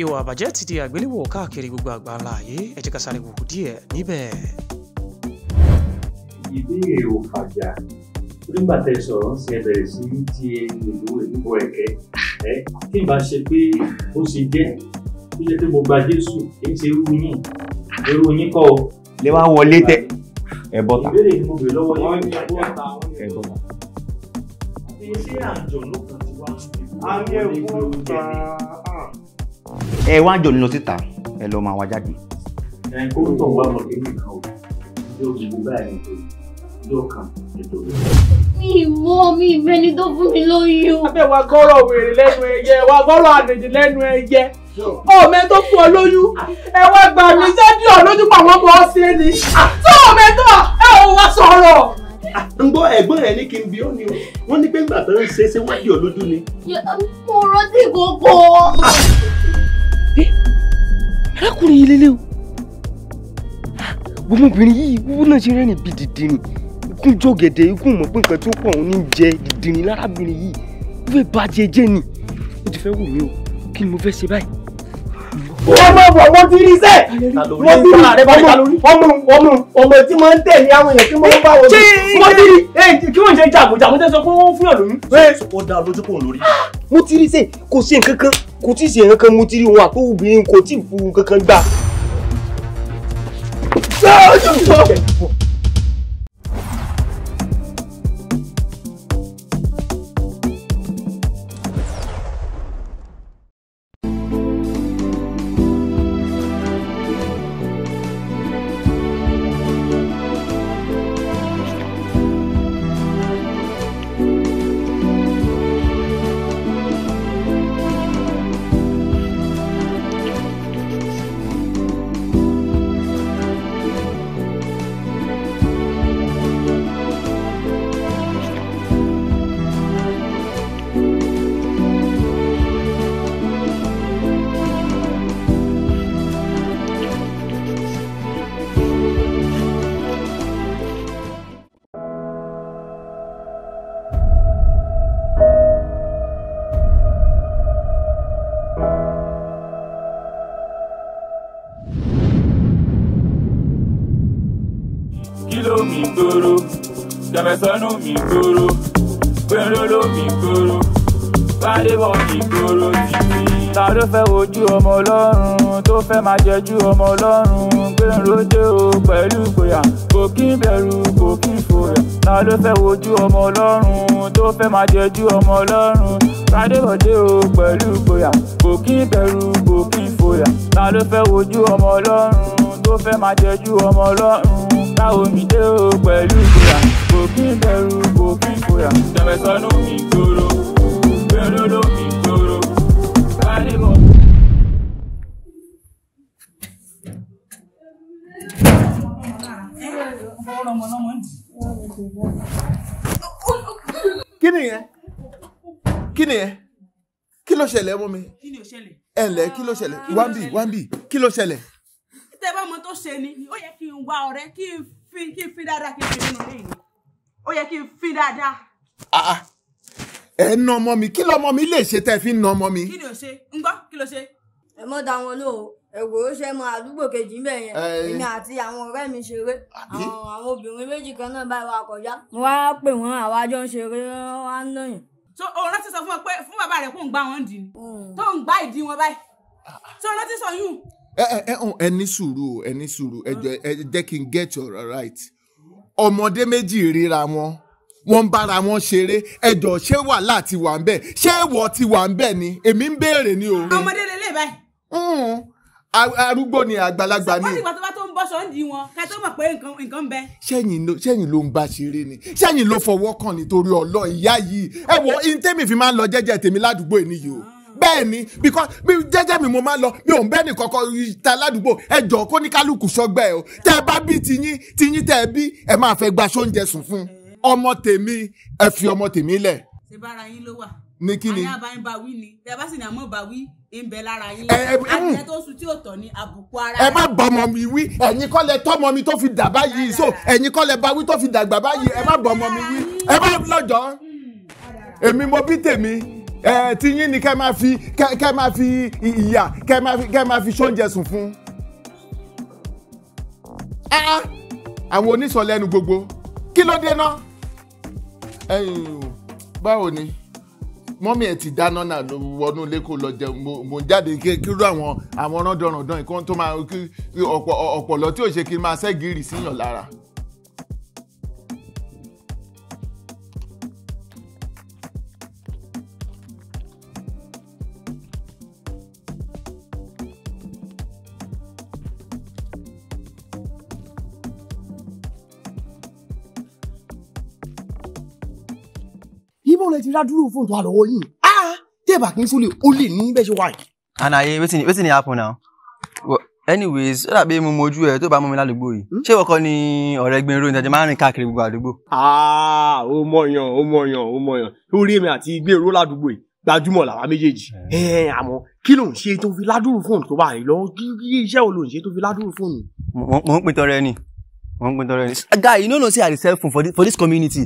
ìwà àbàjẹ́ ti di àgbéléwò káàkiri gbogbo àgbáńlá ayé ẹ jẹ́ ká sáré wò díẹ̀ níbẹ̀. ìbéèrè ò fàjà nígbà tẹ sọ̀rọ̀ ṣe bẹ̀rẹ̀ sí ní ti ẹni ìlú ìlú ẹ̀kẹ́ ẹ kí n bá ṣe pé ó ṣe jẹ́ tó jẹ́ pé mo gba Jésù kì í ṣe irú yín irú yín kọ́ ọ. lè wá wọlé tẹ ẹ bọ́ta ìbéèrè ni mo bèrè lọ́wọ́ yín ẹ ẹ bọ́ta. ṣé àjọ ló kàn ti wá àmì ẹ̀kọ́ ọ̀gá ẹ wá jò nínú síta ẹ lọ máa wá jáde. ẹ kó tó wá mọ kí nìkan o yóò gbogbo báyìí nítorí yóò kàn nítorí. mi ìwọ mi ìbẹni tó fún mi lóyún. abẹ́ wa gbọ́rọ̀ wèrè lẹ́nu ẹyẹ wa gbọ́rọ̀ àdèjì lẹ́nu ẹyẹ ọmọ ẹ tó fún ọ lóyún ẹ wá gbà mí sẹ́dí ọ̀ lójú pa àwọn ọmọ ọ̀sẹ̀ ni tó ọmọ ẹ tó ẹ ò wá sọ̀rọ̀ ń gbọ́ ẹ̀gbọ́n rẹ̀ ní kí n bí ọ́ ni o wọ́n ní pé ńgbà tó ń ṣe é ṣe wádìí ọ ni. mo rántí gbogbo arákùnrin yìí lélẹ́ o ọmọbìnrin yìí wúwo náà ṣe rẹ́rìn bíi dìde ni ikú jọ̀gẹ̀dẹ̀ ikú mọ̀ pé nǹkan tí ó pọ̀ òun ní jẹ dìde ni lárábìnrin yìí ó fẹ́ bàjẹ́ jẹ́ ni ó ti fẹ́ wù mí o kí ni mo fẹ́ ṣe báyìí. ọmọ bọ̀ mo ti rí sẹ́ẹ̀ mo ti rí ọmọ ọmọ ọmọ tí mo ń tẹ̀ ní àwọn èèyàn tí mo ń bá wọn mo ti rí kí wọ́n ṣe jàgòjà mo tẹ́ sọ pé wọ́n fún yàn lómi. ó dá lójú kò lórí. Ah! mo ti rí sẹ́ẹ̀ kò ṣe nǹkan kan kò tí ì ṣe kankan mú tírí wọn àtọwò obìnrin kò tí ì fún un kankan gbà. Ẹ̀mẹ̀sánú mi gbòòrò, Gbẹ̀rọ̀ló mi gbòòrò, Bádébọ̀ mi gbòòrò títí. Ta ló fẹ́ wojú ọmọ ọlọ́run tó fẹ́ máa jẹjú ọmọ ọlọ́run Gbẹ̀rọ̀dé o pẹ̀lú ìgboyà kò kí n bẹ̀rù kò kí n fòyà. Ta ló fẹ́ wojú ọmọ ọlọ́run tó fẹ́ máa jẹjú ọmọ ọlọ́run Bádébọ̀dé o pẹ̀lú ìgboyà kò kí n bẹ̀rù kò kí n fòyà. Ta ló fẹ́ wojú ọmọ ọlọ́run tó fẹ́ máa jẹjú ọmọ ọlọ́run káwọmi dé o pẹ̀lú ìgboyà kò kí n bẹ̀rù kò kí n fòyà tẹ̀mẹ̀sánú mi gbòòrò gbèròdò mi gbòòrò kálíbọ̀. kí ni yẹn kí ni yẹn kí ló ṣẹlẹ̀ ọmọ mi ẹ ǹlẹ́ kí ló ṣẹlẹ̀ wámbì wámbì kí ló ṣẹlẹ̀ tẹ bá mọ tó ṣe ni ó yẹ kí n wá ọ̀rẹ́ kí n fi kí n fi dáadáa kí n fi nínú ilé yìí ó yẹ kí n fi dáadáa. Ah, ah. ẹ ń na ọmọ mi kí lọmọ mi lè ṣe tẹ fi ń na ọmọ mi. kí ni o ṣe ń gbọ́ kí ló ṣe. ẹ mọ da wọn lóo ẹwọ ó ṣe mọ àdúgbò kejì ń bẹ yẹn èmi àti àwọn ọ̀rẹ́ mi ṣeré àwọn obìnrin méjì kan náà báyìí wà kọjá. wọn á pè wọn àwa jọ ń ṣeré wọn ń lóyún. so òun rántí sọ fún ọ pé fún bàbá rẹ kó ń gbá wọn dì ní mm. tó ń gbá ìdí wọn báyìí ah, so rántí sọ yún ẹ ní sùúrù ẹ ní sùúrù ẹ jẹ́ kí n get your right ọmọdé méjì ríra wọn wọ́n ń bára wọn ṣeré ẹ̀dọ̀ ṣé wàhálà ti wà ń bẹ̀ ṣé ẹ̀wọ̀ ti wà ń bẹ̀ ni èmi ń béèrè ni o. ọmọdé lè lè báyìí. arúgbó ni àgbàlagbà ni. ṣé wọ́n ti gbà tó bá tó ń bọ́ sọ́ǹdì wọn ká tó mọ̀ pé nǹkan ń bẹ. sẹ́yìn ló ń bá ṣeré ni sẹ́yìn ló fọwọ́ kàn nítorí ọlọ́ ìyá yìí ẹ̀wọ̀ intemi fi máa ń lọ jẹ́jẹ́ tèmi ládùúgbò yìí o bẹ́ẹ̀ ni because bí jẹ́jẹ́ mi mo máa lọ mi ò ń bẹ́ẹ̀ nìkan kan ta ládùúgbò ẹ jọ kó ní kálukú sọgbẹ́ ẹ o tẹ́ ẹ bá bí tiyín tiyín tẹ́ ẹ bí ẹ máa fẹ́ gba sóúnjẹ sùn fún ọmọ tèmi ẹ fi ọmọ tèmi lẹ̀. ṣe bára yín ló wà ní kí ni. ba wí ni tẹ bá sì ba wí ń bẹ lára yín. àtẹ mm. tó sùn tí ò tọ̀ ní àbùkù ara. ẹ má bọ ọmọ mi wí ẹ̀yin kọ́ lẹ mi tó fi dà báyìí so ẹ̀yin kọ́ lẹ ba wí tó fi dàgbà báyìí ẹ má bọ mi wí ẹ má lọ́jọ́ hmm. èmi mo bí tèmi ẹ ti yín ni kẹ́ máa fi kẹ́ máa fi ìyà kẹ́ máa fi kẹ́ máa fi sóúnjẹ sùn fún. àwọn onísọ̀lẹ́nu gbogbo kí ló dé náà. báwo ni mọ́mí ẹ̀ ti dáná náà ló wọnú ilé kó lọ jẹun mo ń jáde kírú àwọn àwọn rán dọ̀ràn dán ìkó máa ọ̀pọ̀lọ́ tí ò ṣe kí n máa ṣẹ́gìrì síyàn lára. ti ládùúrú fóònù tó wà lọ́wọ́ yìí ah tẹ́ẹ̀bà kì í sólè ó lè ní bẹ́ẹ̀ ṣe wà yìí. àlàyé wetin wetin dey happen now well anyways ó dàbí mo mojú ẹ tó bá mọ mi ládùúgbò yìí hmm? ṣé ìwọ kọ́ ni ọ̀rẹ́ gbin irun ìdájọ máa ń rìn káàkiri gbogbo àdúgbò. ó ah, mọyàn ó mọyàn ó mọyàn lórí èmi àti gbé irun ládùúgbò yìí gbajúmọ̀ làwa méjèèjì eh. àmọ́ kí ló ń ṣe tó fi ládùúrú fóònù tó bá rí lọ kí iṣẹ́ wo ló ń ṣe tó fi ládùúrú fóònù. mo ń pin tọrẹ ni mo ń pin tọrẹ ni. guy you no know say i dey sell phone for this, for this community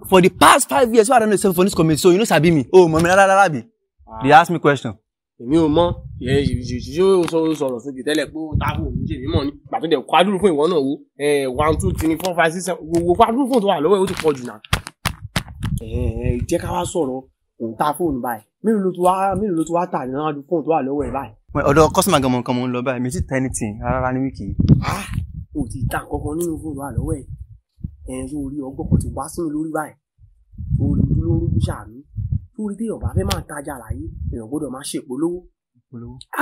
Mm. for the past five years wey i don dey serve for this community so you no sabi me o oh, mọ̀mí rárá rárá bi ah. they ask me question. èmi ò mọ yóò sọ̀rọ̀ sókè tẹ́lẹ̀ pé ó ta kó òun jèmi mọ̀ ni pàtó dẹ̀ kwadúrú fún ìwọ náà wo eh, one two three four five six seven wo kwadúrú fún tó wà lọ́wọ́ ẹ̀ ó ti pọ̀ jù náà. Eh, eh, jẹ́ ká wá sọ̀rọ̀ òun ta fóònù báyìí mélòó ló ti wá mélòó ló ti wá tà ní náà fóònù tó wà lọ́wọ́ ẹ̀ báyìí. ọ̀dọ̀ kọ́sìmà gan-an kan mo ń lọ báyìí mi ti tẹ́ anything rárá ní wíkì. ó ah, ti ta nǹkan kan nínú fóònù tó wà lọ́wọ́ ẹ̀ ẹ̀yìn tó rí ọgbọ́n kan ti wá sí mi lórí báyìí orí ojú ló ń ṣàánú lórí téèyàn bá fẹ́ máa tajà láyé èèyàn gbọ́dọ̀ máa ṣe ìpolówó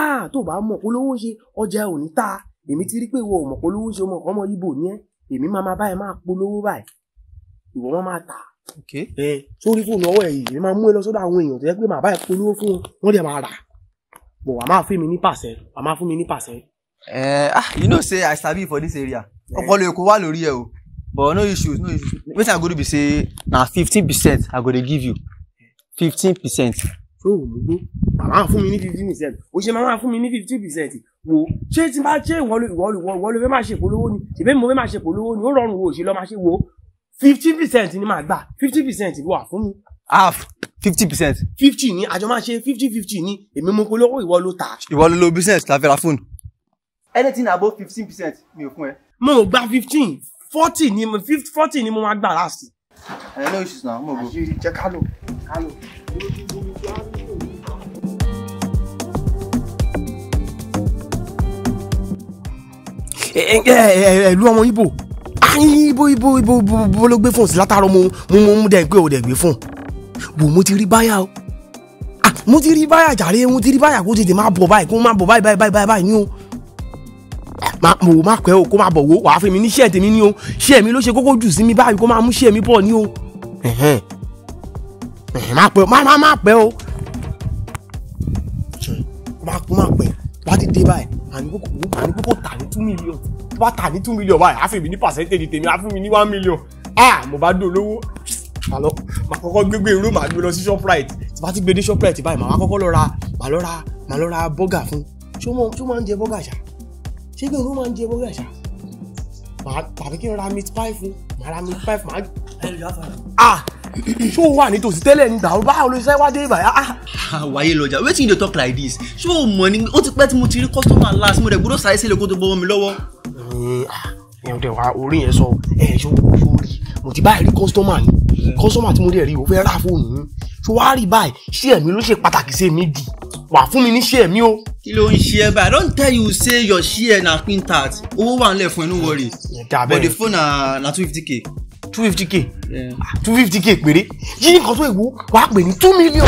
ah tó bá mọ̀ polówó ṣe ọjà ò ní ta èmi ti rí pé ìwọ ò polówó ṣe ọmọ ọmọ ibo ni ẹ́ èmi máa máa báyìí máa polówó báyìí ìwọ máa máa tà sórí fóònù ọwọ́ ẹ̀yìn èmi máa mú ẹ lọ sọ́dọ̀ àwọn èèyàn tó yẹ pé màá báyìí polówó fún wọn wọ́n máa rà bọ̀ wàá máa fún mi ní pàṣẹ wàá máa fún mi ní pàṣẹ. ẹ eh, ah you know say I sabi for this area eh. ọpọlọ èkó wà lórí ẹ o but no issues no issues wetin i go do be say na fifteen percent i go dey give you fifteen percent. ṣé o lógbó màmá mi ní fifteen percent o ṣe màmá mi ní fifteen percent wo ṣé tí bá ṣe ìwọ ìwọ ló fẹ́ máa ṣe ìpolówó ni ṣèbí mo fẹ́ máa ṣe ìpolówó ni ó rọrùn wo òṣèlú ọmọ ṣe wo fifteen percent ni màá gbà fifteen percent ló wà fún mi. half fifty percent. fifty ni àjọ máa ṣe fifty fifty ni èmi mo polówó ìwọ ló ta. ìwọ ló lo business la fẹ́ ra anything above fifteen percent mi ò fún ẹ. mo gba fifteen forty ni mo fifty forty ni mo máa gbà láàsì. ẹ lóyún ṣùgbọ́n àwọn ọmọ ògbó. àṣírí jẹ́ kálò kálò. ẹ̀lú ọmọ ibo ibo ibo ibo ibo ló gbé fóun sí látàrọ mo mo mo dẹ̀ gbé o dẹ̀ gbé fóun wò mo ti rí báyà o ah, mo ti rí báyà jàre mo ti rí báyà kó tètè máa bọ̀ báyìí kó máa bọ̀ báyìí báyìí báyìí ní o máa wò má pẹ́ o kó máa bọ̀ wò wàá fún mi ní ṣẹ́ẹ̀ tèmi ní o ṣẹ́ẹ̀ mi ló ṣe kókó jù sí mi báyìí kó máa mú ṣẹ́ẹ̀ mi bọ̀ ní o má pẹ́ o má má má pẹ́ o má kó má pẹ́ wá ti dé báyìí àní kókó tà ní two million tó bá tà ní two million báyìí á fún mi ní percentage tèmi á fún mi ní one million ah mo bá dùn olówó àlọ́ màá kọ́kọ́ gbégbé irú màá gbé lọ sí shoprite tí bá ti gbé dé shoprite báyìí màá kọ́kọ́ lọ ra màá lọ ra màá lọ ra bọ́gà fún ṣó máa ń jẹ bọ́gà ṣáà ṣé bí òun máa ń jẹ ewúrẹ́ àṣà tàbí kí n ra meat pie fún màá ra meat pie fún màá. ẹ lọ fara. ah ṣó wà nítòsí tẹ́lẹ̀ nígbà ó bá olóṣèlú wá dé ìbàyà. Ah! Ah, wàyé lọ́jà wetin you dey talk like this ṣó o mọ̀ ni ó ti pẹ́ tí mo ti rí customer last mo rẹ̀ gbọ́dọ̀ sáré sílẹ̀ kó tó bọ́ mi lọ́wọ́. Eh, ah, ẹ ẹ wá orí yẹn sọ ẹ ṣó o fún rí mo ti báyìí rí customer ni customer tí mo rí ẹ rí o fẹ́ ra fóònù ṣó wá rí báyìí ṣé ẹ̀mí ló ṣe pàtàkì sí èmi jù wà fún mi ní share mi o. kí ló ń ṣe ẹ báyìí i don tell you say your share na quintat owó wà nílẹ̀ fún ẹ no worry but the phone na na two fifty k. two fifty k ah, two fifty k péré yí nǹkan tó èwo wàá pè ní two million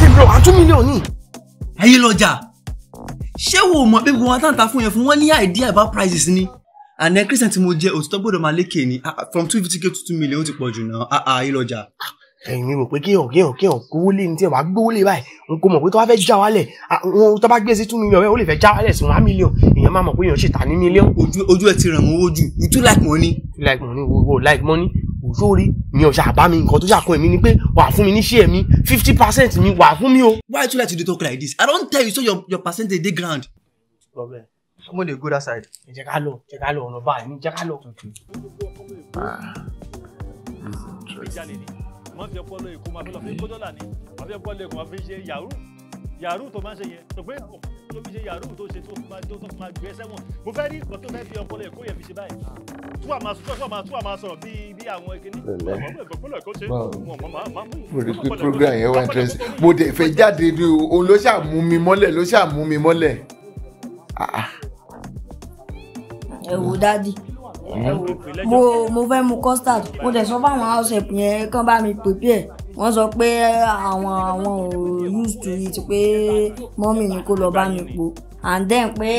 tèmi lọ wà two million ni. ayé lọ́jà ṣé wo mọ̀ pé gbogbo wa tá n ta fún yẹn fún wọn ní idea about prices ni And àná christian tí mo jẹ òtítọ́ gbọ́dọ̀ máa lékè ni ah, ah, from two fifty k to two million ó ti pọ̀ jù náà ayé lọ́jà ẹ̀yin rò pé kéèyàn kéèyàn kéèyàn gbówó lé ní tí wàá gbówó lé báyìí n kò mọ̀ pé tó bá fẹ́ já wálẹ̀ wọn tó bá gbé sí two million ó lè fẹ́ já wálẹ̀ sí one million èèyàn máa mọ̀ pé èèyàn ṣì tà ní million. ojú ojú ẹ ti ràn wọn ojú you too like money. like money wo wo like money ojú orí mi ò ṣàbá mi nǹkan tó ṣàkó èmi ni pé wàá fún mi ní share mi fifty percent mi wàá fún mi o. why you like to dey talk like this i don tell you so your your percentage dey dey go that ah this má fi ọpọlọ èkó máa fi lọ fi kó dọ́là ni má fi ọpọlọ èkó máa fi ṣe yahoo yahoo tó máa ń ṣe yẹn tó pé tó fi ṣe yahoo tó ṣe tó máa tó tó máa gbé sẹ́wọ̀n mo fẹ́ rí nǹkan tó fẹ́ fi ọpọlọ èkó yẹn fi ṣe báyìí tú àmà sọ àmà tú àmà sọ̀rọ̀ bíi bíi àwọn kìíní mo rí pé program yẹn interest mo dẹ̀ fẹ́ jáde ni o ló ṣàmú mi mọ́lẹ̀ ló ṣàmú mi mọ́lẹ̀. ẹ wo dádì mo mo fẹ́ mu custard mo dẹ̀ sọ fáwọn house yẹn kán bá mi prepare wọ́n sọ pé àwọn àwọn ò used to it pé mọ́mì ni kó lọ bá mi po and then pé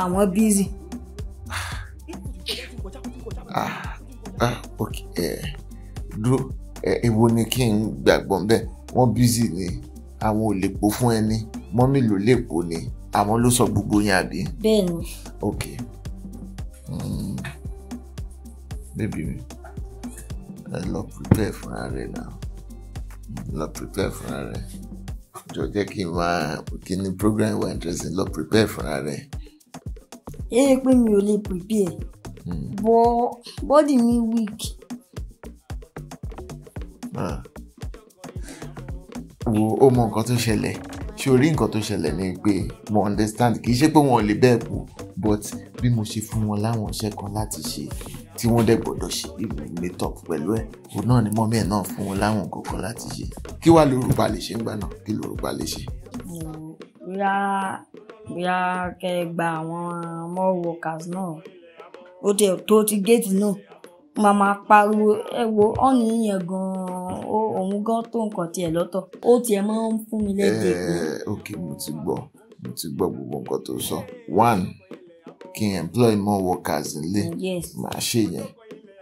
àwọn busy. ah ah ok ẹ dúró ẹ èwo ni kí n gbàgbọ́ bẹ́ẹ̀ wọ́n busy ni àwọn ò lè po fún ẹni mọ́mì ló lè po ni àwọn ló sọ gbogbo yẹn àbí. bẹ́ẹ̀ni. ok. Mm bébí mi not prepare for rẹ now. Not prepare for rẹ jọ jẹ́ kí n máa program wà interesting Not prepare for rẹ. ẹ ẹ pé mi prepare But hmm. bọ́dì mi weak. Ah. wo ó mọ nǹkan tó ṣẹlẹ̀ ṣé o rí nǹkan tó ṣẹlẹ̀ ni pé mo understand kì í ṣe pé wọn ò lè bẹ́ẹ̀ kú but bí mo ṣe fún wọn láwọn iṣẹ́ kan láti ṣe tí wọ́n dẹ̀ gbọ́dọ̀ ṣe ìmìtọ̀pù pẹ̀lú ẹ̀ òun náà ni mọ́mí ẹ̀ náà fún wọn láwọn kọ̀ọ̀kan láti ṣe kí wàá lórúkọ lè ṣe ń gbà náà kí lórúkọ lè ṣe. bóyá bóyá kẹ gba àwọn more workers náà ó tẹ tó ti géètì náà máa máa pariwo ẹ wo ọ̀nì yẹn gan-an òun gan tó nǹkan tiẹ̀ lọ́tọ̀ ó tiẹ̀ máa ń fún mi léde. ẹ ẹ ok mo ti gbọ́ mo ti gbọ́ gbogbo nǹkan tó sọ one kí n employ more workers nílé mm, màá ṣe yẹn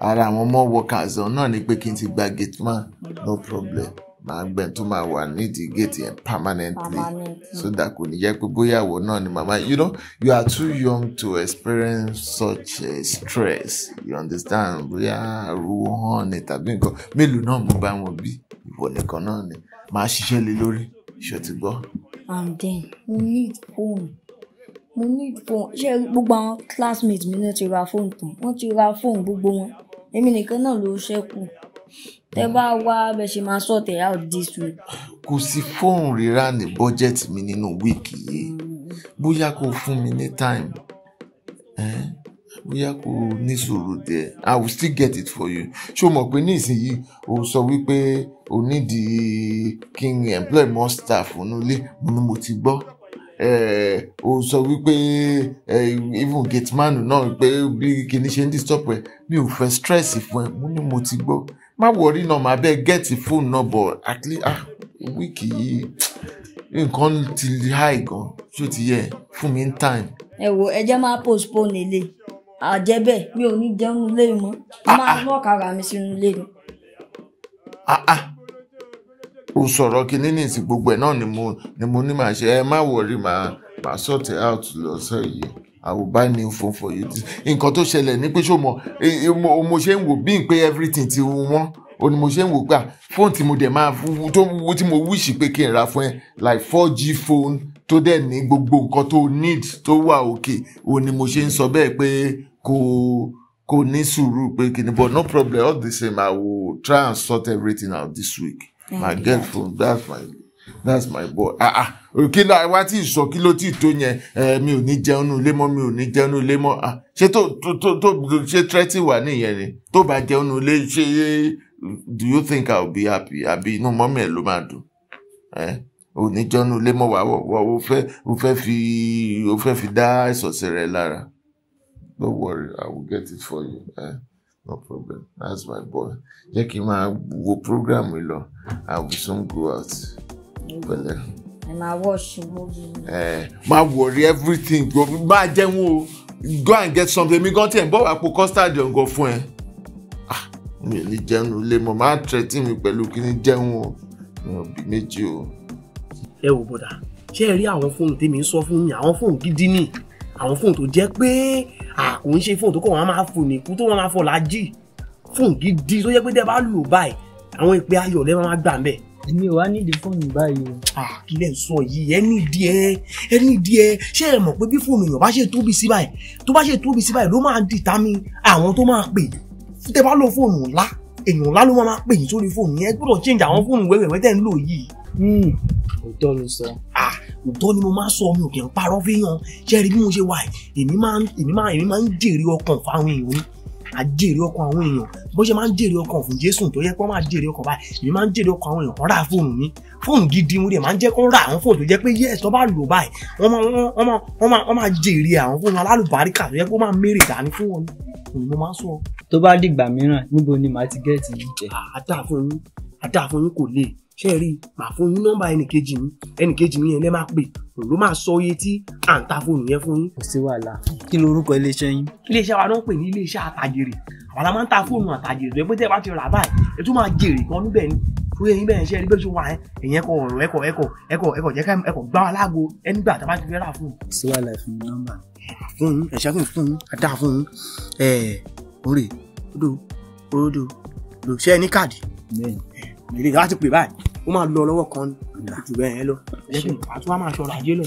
ara àwọn more workers náà ni pé kí n ti gba gate man mm. no problem màá gbẹ tó máa wà nídìí gate yẹn permanently so that kò ní jẹ́ pé bóyá àwọ̀ náà ni màmá you know you are too young to experience such uh, stress you understand bóyá àrùwọ̀ hàn ni tàbí nǹkan mélòó náà mo bá wọn bí ìwọ nìkan náà ni màá ṣiṣẹ́ lé lórí ṣòtìgbọ́. and then we need home mo ní fóònù ṣé gbogbo àwọn classmates mi náà ti ra fóònù tán wọ́n ti ra fóònù gbogbo wọn èmi nìkan náà ló ṣẹ́kù tẹ bá wá bẹ ṣe máa sort it out this week. kò sí fóònù rírà ní bọ́jẹ̀tì mi nínú wíìkì yìí bóyá kò fún mi ní time bóyá kò ní sùúrù dẹ i will still get it for you ṣó mọ̀ pé ní ìsinyìí o sọ wípé o need the king. employ more staff onú ilé mo ní mo ti gbọ́. o sọ wípé even gate man náà pé bí kìíní ṣe ń disturb ẹ mi ò fẹ stress fún ẹ mo ní mo ti gbọ má wọrí náà má bẹ́ẹ̀ gẹ́ẹ̀tì fóònù náà bọ̀ at least ah wíìkì yìí nǹkan ti high gan ṣó ti yẹ fún mi ní time. ẹ wo ẹ máa postpone ilé àjẹbẹ mi ò ní jẹun lé mọ́ ah, máa lọ́ọ̀kà ah. ara mi sínú ilé mi. o sọ̀rọ̀ kínní ní ìsìn gbogbo ẹ̀ náà ni mo ní màá ṣe ẹ má wọrí màá màá sort it out lọ́sẹ̀ yìí I will buy new phone for you nǹkan tó ṣẹlẹ̀ ní pé ṣó mọ mo ṣe ń wò bí n pé everything ti wọ́n o ni mo ṣe ń wò gbà fóònù tí mo dẹ̀ máa tó wo tí mo wíṣì pé kí n ra fún ẹ like four g phone tó dẹ̀ ní gbogbo nǹkan tó need tó wà òkè o ni mo ṣe ń sọ bẹ́ẹ̀ pé kò kò ní sùúrù pé kìnnìbọn no problem all the same I will try and sort everything out this week my girlfriend that's my that's my boy ah ah òkè náà wá tí ìsọ kí ló tí tó yẹn ẹ eh, mi ò ní jẹun nù ilé mọ́ mi ò ní jẹun nù ilé mọ́ ah ṣé tó tó tó ṣe tírẹ́tì wà nìyẹn ni tó bá jẹun nù ilé ṣe do you think i will be happy àbí inú mọ́mí ẹ̀ ló máa dùn ẹ eh, ò ní jẹun nù ilé mọ́ wà wọ̀ wọ́ o fẹ́ o fẹ́ fi o fẹ́ fi dá ìsọ̀sẹ̀ rẹ̀ lára don't worry i will get it for you. Eh? no problem that's my boy jẹ́ my n program will. lọ i will soon go out pẹ̀lẹ́. And máa wọ́ọ̀ṣì mórí. Eh, my worry everything go máa jẹun o go and get something mi go tiẹ̀ ń bọ̀ wá po custard ọ̀gọ̀ fún ẹ ah, mi ò ní jẹun ilé mo máa tẹ̀tí mi pẹ̀lú kí ni jẹun o mi Eh, bí méjì o. ẹ wò bọ̀dà ṣé ẹ rí àwọn fóònù tèmi ń sọ fún mi àwọn fóònù tó jẹ́ pé àkò ń ṣe fóònù tó kọ̀ wọ́n máa fò nìkú tó wọ́n máa fò lájì fóònù gidi tó jẹ́ pé dẹ́ bá lò báyìí àwọn ìpè ayọ̀ lẹ́ máa gbà mẹ́. èmi ò wá nídìí fóònù báyìí o. kí lẹ́ ń sọ yìí ẹ nídìí ẹ ẹ nídìí ẹ ṣé ẹ mọ̀ pé bí fóònù èèyàn bá ṣe tóbi sí báyìí tó bá ṣe tóbi sí báyìí ló máa dìtámì àwọn tó máa pè tẹ́ bá lo fóònù ńlá èèyàn ńlá ló máa pè yín sórí fóònù yẹn gbọ́dọ̀ change àwọn fóònù wẹ́wẹ́wẹ́ tẹ́ ń lò yìí. Hmm, òótọ́ ló sọ. òótọ́ ni mo máa sọ mi ò kì í parọ́ fẹ́yàn ṣẹ́ẹ́rì bí mo ṣe wà èmi máa ń jèrè ọkàn fáwọn èèyàn á jèrè ọkàn àwọn èèyàn bó ṣe máa ń jèrè ọkàn fún Jésù tó yẹ kó máa jèrè ọkàn báyìí èmi máa ń jèrè ọkàn àwọn èèyàn kan rà fóònù mi fóònù gidi mo dẹ̀ máa ń jẹ́ kó rà àwọn fóònù tó jẹ́ pé yẹ́ ẹ̀sọ́ bá lò báyìí wọ́n máa wọ́n máa wọ́n máa wọ́n máa jèrè àwọn fóònù alálùbáríkà tó yẹ kó máa mérè dání fún wọn ni mo máa ń sọ. tó bá dìgbà mìíràn níbo ni màá ti gẹ́ẹ̀tì yìí jẹ. àdáfún yín àdáfún yín ṣe rí màá fún yín nọ́mbà ẹnìkejì mi ẹnìkejì mi yẹn lẹ́ máa pè òun ló máa sọ iye tí à ń ta fóònù yẹn fún yín. kò sí wàhálà kí lorúkọ iléeṣẹ́ yín. iléeṣẹ́ wa ló ń pè ní iléeṣẹ́ àtàjèrè àwọn la máa ń ta fóònù àtàjèrè tó yẹ pé tẹ́ ẹ bá ti rà báyìí ẹ tún máa jèrè kan níbẹ̀ ni fún yẹn bẹ́ẹ̀ ṣe rí bẹ́ẹ̀ ṣe wà ẹ́ ẹ̀yìn ẹ̀kọ́ ọ̀rọ̀ ẹ̀kọ́ ẹ̀kọ́ ẹ̀kọ́ ẹ̀kọ́ jẹ́ ká ẹ̀kọ́ gbá wa láago ẹ̀nígbà tá a bá ti fẹ́ rà fóònù. sí wàhálà fún nọ́mbà fún ẹ̀ṣẹ́ fún fún adá fún ẹ̀ orí odò odò ṣe é ní káàdì. bẹ́ẹ̀ni èrè láti pè báyìí ó máa lọ lọ́wọ́ kan jù bẹ́ẹ̀ yẹn lọ àti wàá máa ṣọ̀rọ̀ ajé lọ.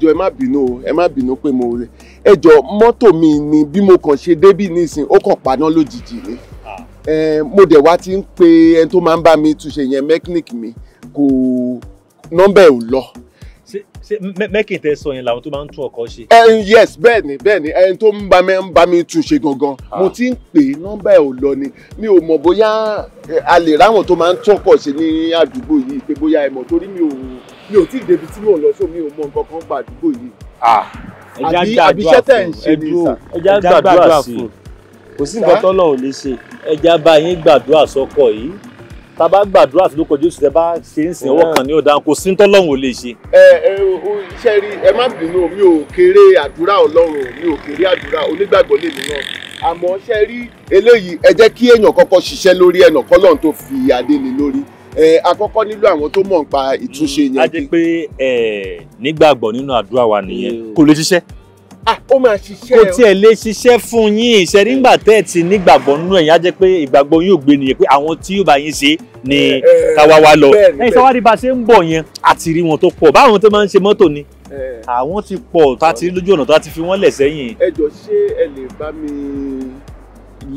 jọ̀ọ́ ẹ má bínú o ẹ má bínú pé mo rẹ ẹ jọ̀ọ́ mọ́tò mi ni bí mo kàn ṣe débì nísìn ó kàn paná lójijì ni ah. mo dẹ̀ wá ti ń pe ẹni tó máa ń bá mi túnṣe yẹn mechanic mi kò nọ́mbà ẹ̀ ò lọ mẹ́kì tẹ sọ yẹn làwọn tó máa ń tún ọkọ̀ ṣe. yes bẹ́ẹ̀ ni bẹ́ẹ̀ ni ẹni tó ń bá mi ń bá mi tún ṣe gangan ah. mo ti ń pè é nọ́mbà ẹ̀ ò lọ ni mi ò mọ̀ bóyá a lè ráwọn tó máa ń tún ọkọ̀ ṣe ní àdúgbò yìí pé bóyá ẹ mọ̀ torí mi ò mi ò tí ì débi tí mò ń lọ sómi ò mọ nǹkan kan pa àdúgbò yìí. àbí àbí iṣẹ́ tẹ̀ ń ṣe ni sà. ẹja gbàdúrà fún kò sí nǹkan tọ́lọ̀ ò lè ṣe ẹja bá yín gbàdúrà sọ́kọ̀ yìí tá a bá gbàdúrà sí lóko jésù tẹ bá ṣe ń sìn ọwọ́ kan ní ọ̀daràn kò sí tọ́lọ̀ ò lè ṣe. ẹ ẹ o iṣẹ́ rí ẹ má bínú mi ò kéré àdúrà ọlọ́run mi ò kéré àdúrà onígbàgbọ́ lèmi náà àmọ́ ṣe rí eléyìí ẹ jẹ́ kí èèyàn kọ́kọ́ ṣiṣẹ́ lórí ẹ̀nà kọ́lọ́n tó fi adé lé lórí àkọ́kọ́ nílò àwọn tó mọ̀ nípa ìtúnṣe yẹn. a jẹ́ pé nígbàgbọ́ nínú àdúrà wa nìyẹn kò lè ṣiṣẹ́ ah, ó máa ṣiṣẹ́ o. kò tiẹ̀ lè ṣiṣẹ́ fún yín ìṣẹ́ nígbà tẹ́ ẹ̀ ti nígbàgbọ́ nínú ẹ̀yìn á jẹ́ pé ìgbàgbọ́ yóò gbé nìyẹn pé àwọn tí yóò bá yín ṣe ni káwa wa lọ ẹ̀yìn sáwádìí bá ṣe ń bọ̀ yẹn àti rí wọn tó pọ̀ báwọn tó máa ń ṣe mọ́tò ni àwọn ti pọ̀ tá a ti rí lójú ọ̀nà tá a ti fi wọ́n lẹ̀ sẹ́yìn. ẹ jọ ṣé ẹ lè bá mi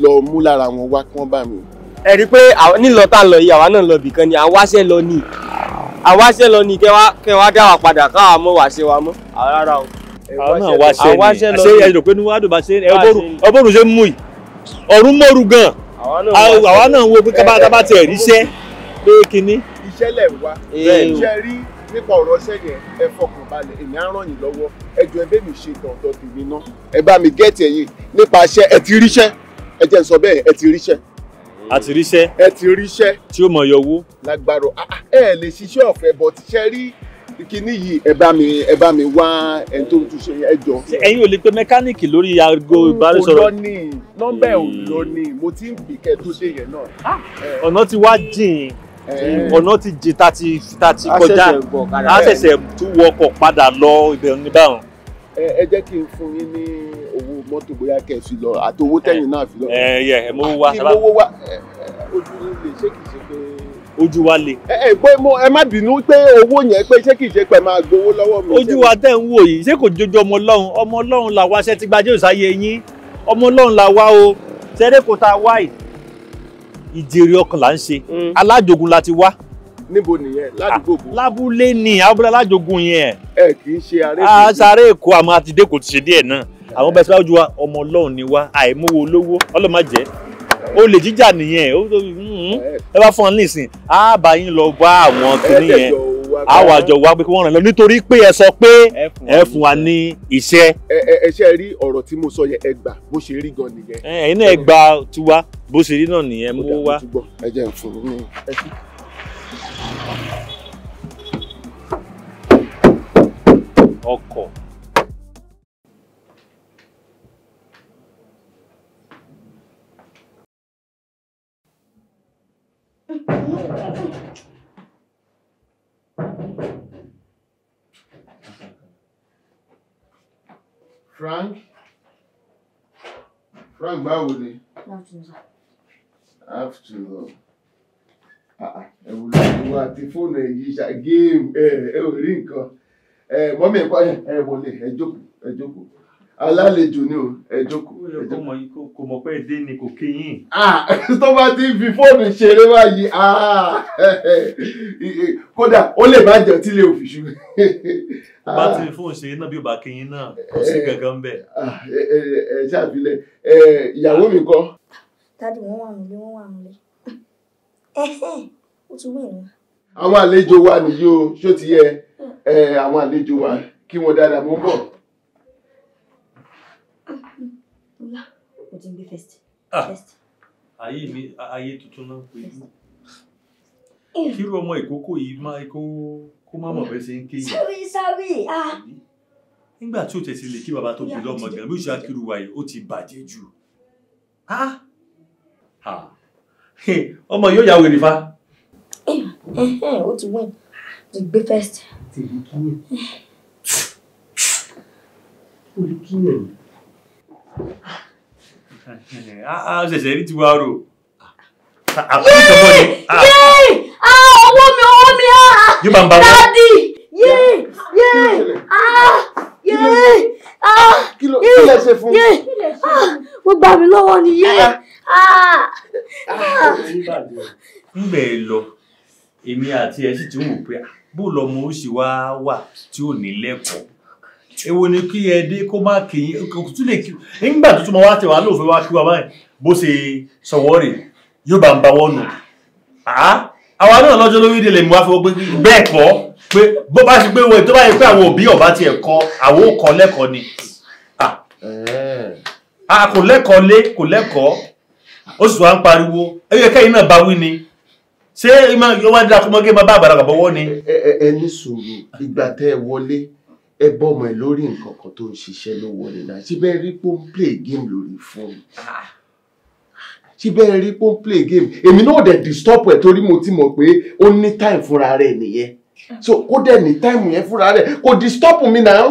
lọ mú lára wọn wá kí wọ́n bá mi ẹ rí pé nílọ lọ yìí àwa náà lọ bìkan ni àwa lọ ni àwa ṣe lọ ni kẹ wá dá wa padà káwa mọ wá ṣe wa mọ rárá o. àwọn náà wá ṣe ni ṣe ẹ rò pé ní wàá dùn bá ṣe ẹ ọbọrùn ṣe ń mú yìí ọ̀run mọ́rù gan àwa náà wo pé kábàtàbà tiẹ̀ ríṣẹ́ pé kínní. iṣẹ́ lẹ̀ wá iṣẹ́ rí nípa ọ̀rọ̀ sẹ́yìn ẹ fọkàn balẹ̀ èmi á ràn yín lọ́wọ́ ẹ jọ ẹ bẹ́ẹ̀ mi ṣe tọ̀tọ̀ tèmi a ti ríṣẹ́. ẹ ti ríṣẹ́. tí ó mọ yọ owó. lágbàrò ah, ah, ẹ lè ṣiṣẹ́ ọ̀fẹ́ bọ̀ tíṣẹ́ rí kíní yìí ẹ bá mi ẹ bá mi wá ẹni tó ń túnṣe ẹ jọ. ẹ̀yin ò lè pe mẹkáníìkì lórí aago ìbánisọ̀rọ̀. n kò lọ ní nọ́mbà ò lọ ní mo ti ń bì kẹ́ tó dé yẹn náà. Ah! Eh. ọ̀nà ti wá jìn eh. ọ̀nà ti jìn ta ti ta ti kọjá a ṣẹ̀ṣẹ̀ tún wọkọ̀ padà lọ ibẹ̀ ní eh, ẹ jẹ́ kí n fún yín ní mọ́tò bóyá kẹ́ ẹ fi lọ àti owó tẹ̀yìn náà fi lọ. ẹ yẹ ẹ mọ wá sábà mọ wá ojú lè ṣé kìí ṣe pé. ojú wa le. ẹ eh, ẹ eh, pé mo ẹ má bínú pé owó yẹn pé ṣé kìí ṣe pé máa gbowó lọ́wọ́ mi. ojú wa tẹ̀ ń wò yìí ṣé kò jojú ọmọ ọlọ́run ọmọ ọlọ́run là wá ṣẹ́ ti gba jésù sáyé yín ọmọ ọlọ́run là wá o ṣeré kò tá a wá yìí ìjèrè ọkàn là ń ṣe hmm. alájogun la ti wá níbo nìyẹn ládùúgbò bò. Ah, lábúlé ni abúlé alájogun yẹn. ẹ eh, kì í ṣe aré èkó. a sáré èkó àmọ́ àti dẹ́kọ̀ ti ṣe díẹ̀ náà àwọn bẹ́ẹ̀ síwájú wa ọmọ ọlọ́run ni wa àìmówó olówó ọlọ́mọ jẹ́ ó lè jíjà nìyẹn hmm, ẹ bá fún ọ nísìn á bá yín lọ bá àwọn kìnìún yẹn á wà jọ wá pé kí wọ́n ràn lọ nítorí pé ẹ sọ pé ẹ fún wa ní iṣẹ́. ẹ ṣe rí ọ̀rọ̀ tí mo sọ yẹn ẹ gbà bó ṣe rí gan nìyẹn. ẹ̀yin náà ẹ gbà tiwa bó ṣe rí náà nìyẹn mú wá. ẹ jẹ́ ìfún mi. ọkọ̀ Frank Frank báwo ni? Afternoon. Ẹ̀wù lọ́wọ́ àti fóònù ṣá géèmù ò rí nǹkan. Mọ́mí ẹ̀kọ́ wọlé ẹ jókòó ẹ jókòó. alálejò ni o ẹ jókòó. kò mọ̀ pé èdè ni kò kéyìn. Ah, tó bá ti fi fóònù ṣeré báyìí ah, kódà ó lè má jẹun tí ilé òfìṣú. tó bá ti ah. fi fóònù ṣeré náà bí ó bá kéyìn náà kò sí gangan eh, eh, bẹ́ẹ̀. ẹ ṣàfilẹ̀ eh, ìyàwó mi kọ́. dádì wọn wà nílé wọn wà nílé ó ti wí mi. àwọn àlejò wa nìyí o ṣó ti yẹ àwọn àlejò wa kí wọn dáadáa mo bọ̀. kò ti ń gbé first. ayé mi ayé tuntun náà pé oh, kírú ọmọ ìkókó yìí máa kó kó má mọ̀ bẹ́ẹ̀ ṣe ń kéyìn. sọ́rí sọ́rí ah. nígbà tí o tẹ̀sí lè kí bàbá tó bí lọ́mọ gan bí o ṣe akíru wa yìí ó ti bàjẹ́ jù ọmọ yóò yà wèrè fa. o eh, eh, eh, ti wẹ̀ ti gbé first. olùkíyàn olùkíyàn a ah, ah, ṣẹ̀ṣẹ̀ rí tiwa rò. Ah, yéé ọwọ́ mi ọwọ́ mi dadi yéé yéé kí ló ṣe fún mi. mo gbà mí lọ́wọ́ ni yéé. ń bẹ̀ lọ èmi àti ẹ̀ sì ti ń wò pé bó lọmọ ó ṣe wá wà tí ò ní lẹ́kọ̀ọ́ èwo ni kí ẹ dé kó má kì í kò lè kí nígbà tó tún wá tẹ̀ wá lóòfin wá kí wa báyìí bó ṣe sọ̀wọ́ rè yóò bá ń ba wọ́n nù àwa náà lọ́jọ́ lórí ìdílé mi wá fọwọ́ pé bẹ́ẹ̀ kọ́ pé bó bá ṣe pé wọ́n tó bá yẹ pé àwọn òbí ọ̀bá tiẹ̀ kọ́ àwọn ò kọ́ lẹ́kọ̀ọ́ ni a kò lẹ́kọ̀ọ́ lé kò lẹ́kọ̀ọ́ ó sì wá ń pariwo ẹyẹ kẹ́yìn náà bá wí ni ṣé ìwádìí akọ́mọ́gé máa ẹ bọ́mọ ẹ lórí nǹkan kan tó ń ṣiṣẹ́ lọ́wọ́ ni náà síbẹ̀ rí pé play game lórí fóònù síbẹ̀ ah. rí pé play game èmi náà dẹ̀ disturb ẹ̀ torí mo ti mọ̀ pé ó ní time fúnra rẹ̀ nìyẹn so kó dẹ̀ ní time yẹn fúnra rẹ̀ kò disturb mi náà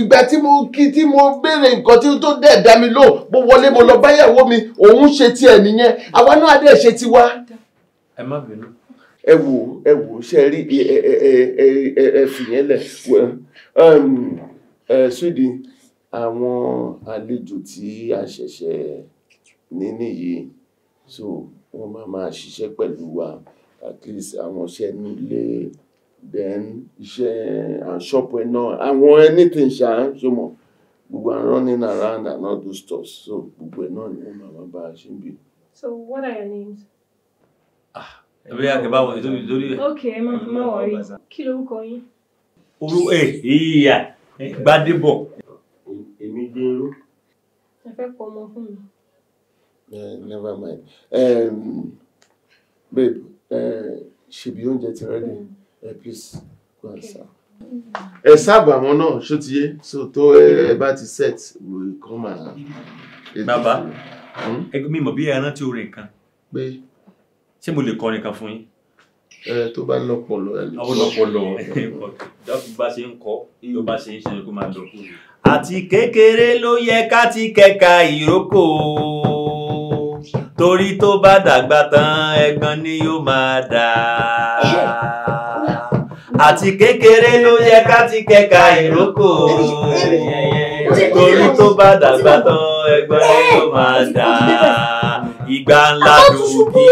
ìgbà tí mo kí tí mo béèrè nǹkan tí tó dẹ̀ dá mi lóhùn mo wọlé mo lọ báyàwó mi òun ṣe tiẹ̀ nìyẹn àwa náà adé ṣe tiwa. ẹ má bínú ẹ wò ẹ wò ṣe rí ẹ ẹ ẹ ẹ fìyẹn lẹ ẹ um, Sweety àwọn àlejò tí a ṣẹ̀ṣẹ̀ ní nìyí so wọ́n máa máa ṣiṣẹ́ pẹ̀lú wa at least àwọn iṣẹ́ nílé then iṣẹ́ àṣọ́pọ̀ ẹ̀ náà àwọn anything ṣá ṣe mọ̀ gbogbo àwọn running around and all those stuff so gbogbo ẹ̀ náà ni wọ́n máa bá a ṣe ń bí. So what are your names? ẹbí yà kẹbà wọ ìdóbi ìdóbi. ok má wọrí kí lorúkọ yín. orú ẹ ìyá Gbádébọ̀. èmi dérò. ẹ fẹ́ pọ ọmọ fún mi. never mind um, babe ṣèbí oúnjẹ ti rẹ́dí please go and serve ẹ sáàbù àwọn náà ṣó ti yé so tó ẹ bá ti set we come and. bàbá hmm? ẹgbẹ́ mi mọ̀ bí ẹ rántí orin kan. pé ṣé mo lè kọrin kan fún yín. ẹ tó bá lọpọlọ ẹ lè kọ ọ lọpọlọ dọ́kì bá ṣe ń kọ yíyọ bá ṣe ń ṣe kó máa lọ. àti kékeré ló yẹ ká ti kẹ́ka ìrókò torí tó bá dàgbà tán ẹ̀gbọ́n ni yóò máa dà àti kékeré ló yẹ ká ti kẹ́ka ìrókò torí tó bá dàgbà tán ẹ̀gbọ́n ni yóò máa dà ìgbà ńlá lòdì.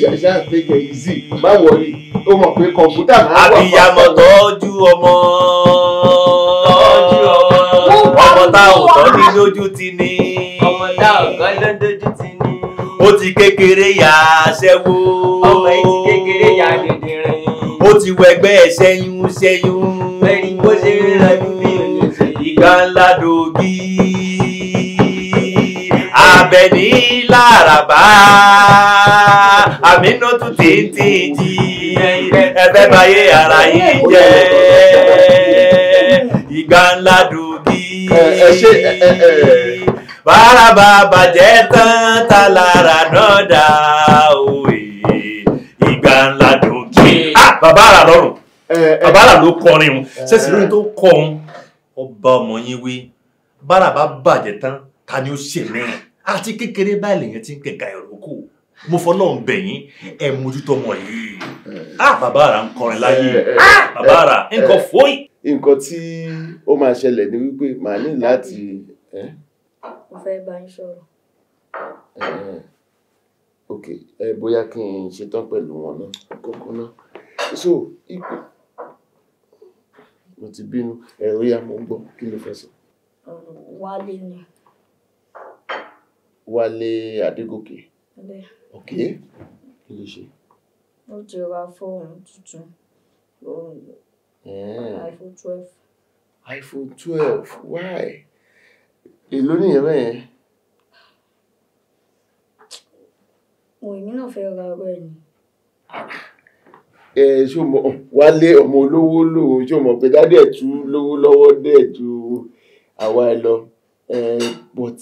ṣẹṣẹ àtẹkẹ ìzì má wọlé ó mọ̀ pé kọ̀ǹpútà máa wà. àbíyamọ tọ́jú ọmọ ọmọ tá ò tọ́ ní lójú ti ní. ọmọ tá ò tọ́ ní lójú ti ní. ó ti kékeré yà á ṣẹ́wó. ọmọ yìí ti kékeré yà á dèdè rìn. ó ti wẹgbẹ́ ẹ̀ ṣẹ́yún ṣẹ́yún. bẹ́ẹ̀ ni bó ṣe ń rẹ́jú bí ìgbà ńlá dògì. Àbẹ̀ní Láràbá àmínú tún ti ń ti jí ẹfẹ́ báyé ara yìí jẹ́ ìgbà ńlá dùbí. Báràbà bàjẹ́ tán ta lára náà dá òwe ìgbà ńlá dùbí. Ah, bàbá àrà lọ́rùn bàbá àrà ló kọrin o sẹ́sì lórí tó kọ́ ọ́n ọba ọmọ yín wí Báràbà bàjẹ́ tán ta ni ó ṣèmíràn àti kékeré báyìí lèyàn ti ń kẹ̀ka ẹ̀rọ kù mo fọlọ́run bẹ̀ yín ẹ mójútó ọmọ yìí eh. ah bàbá àrà ń kọrin láyé eh, eh, ah bàbá àrà nǹkan fòyì. nǹkan tí ó máa ṣẹlẹ̀ ni wípé màá ní láti. mo fẹ́ bá yín sọ̀rọ̀. ok bóyá kí n ṣetán pẹ̀lú wọn náà kókó náà so ipò mo ti bínú ẹ̀rọ ya mo ń gbọ́ kí ló fẹ́ sọ. wálé ni. Wálé Adégòkè. Bẹ́ẹ̀. Ok, kí ló ṣe? Ó ti ra fóònù tuntun. iPhone twelve. iPhone twelve, why? Èló nìyẹn bẹ́ẹ̀ yẹn? Mo èmi náà fẹ́ ra ọ̀rọ̀ ẹ̀ ni ah. ṣó mọ wálé ọmọ olówó lòun ṣó mọ pé dádì ẹ̀ tú lówó lọ́wọ́ dẹ̀ ju àwa ẹ lọ but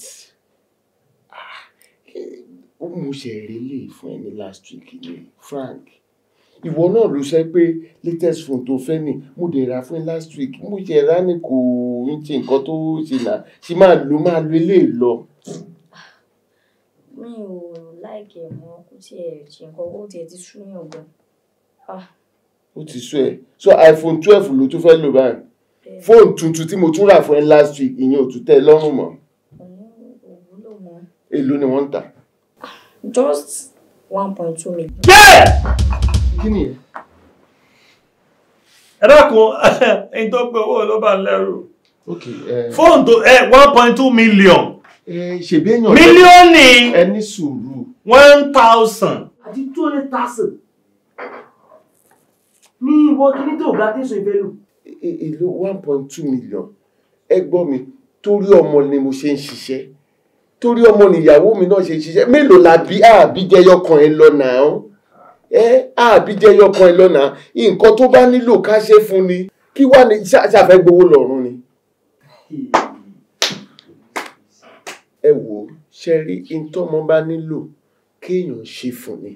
ó mú ṣẹ̀rí lè fún ẹni last week ni Frank ìwọ náà ló sọ pé latest phone tó fẹ́ ni mo dẹ̀ ra fún ẹ last week mo ṣe ra ni kò ń ṣe nǹkan tó ṣe là ṣe máa lo máa lo eléyìí lọ. mi ò láìkè mọ kó tiẹ̀ ṣe nǹkan ó tiẹ̀ ti sú yàn gan. Ah. ó ti sú ẹ so iPhone twelve ló tún fẹ́ lò báyìí fóònù tuntun tí mo tún rà fún ẹ last week ìyẹn ò tún tẹ́ ẹ lọ́rùn mọ́. èló ni wọ́n ń tà just one point two million. Yeah. kí ni ẹ̀ ẹ dákun ẹni tó gbé owó ló bá lẹ́rù fóònù tó one point two million ṣèbéyàn mílíọ̀nì ẹni sùúrù one thousand. àti two thousand ní ìwọ kíní tó ga tẹ̀sán ìbẹ̀lú. èlò one point two million ẹ gbọ́ mi torí ọmọ ni mo ṣe ń ṣiṣẹ́ torí ọmọ nìyàwó mi náà ṣe ṣiṣẹ́ mélòó la bí àbí jẹyọ kan ẹ lọ́nà ọ́n ẹ àbí jẹyọ kan ẹ lọ́nà nǹkan tó bá nílò ká ṣe fún ni kí wàá ní ṣàfẹ́ gbowó lọ́rùn ni. ẹ wò ó ṣe rí ntọ́mọ bá nílò kéèyàn ṣe fún ni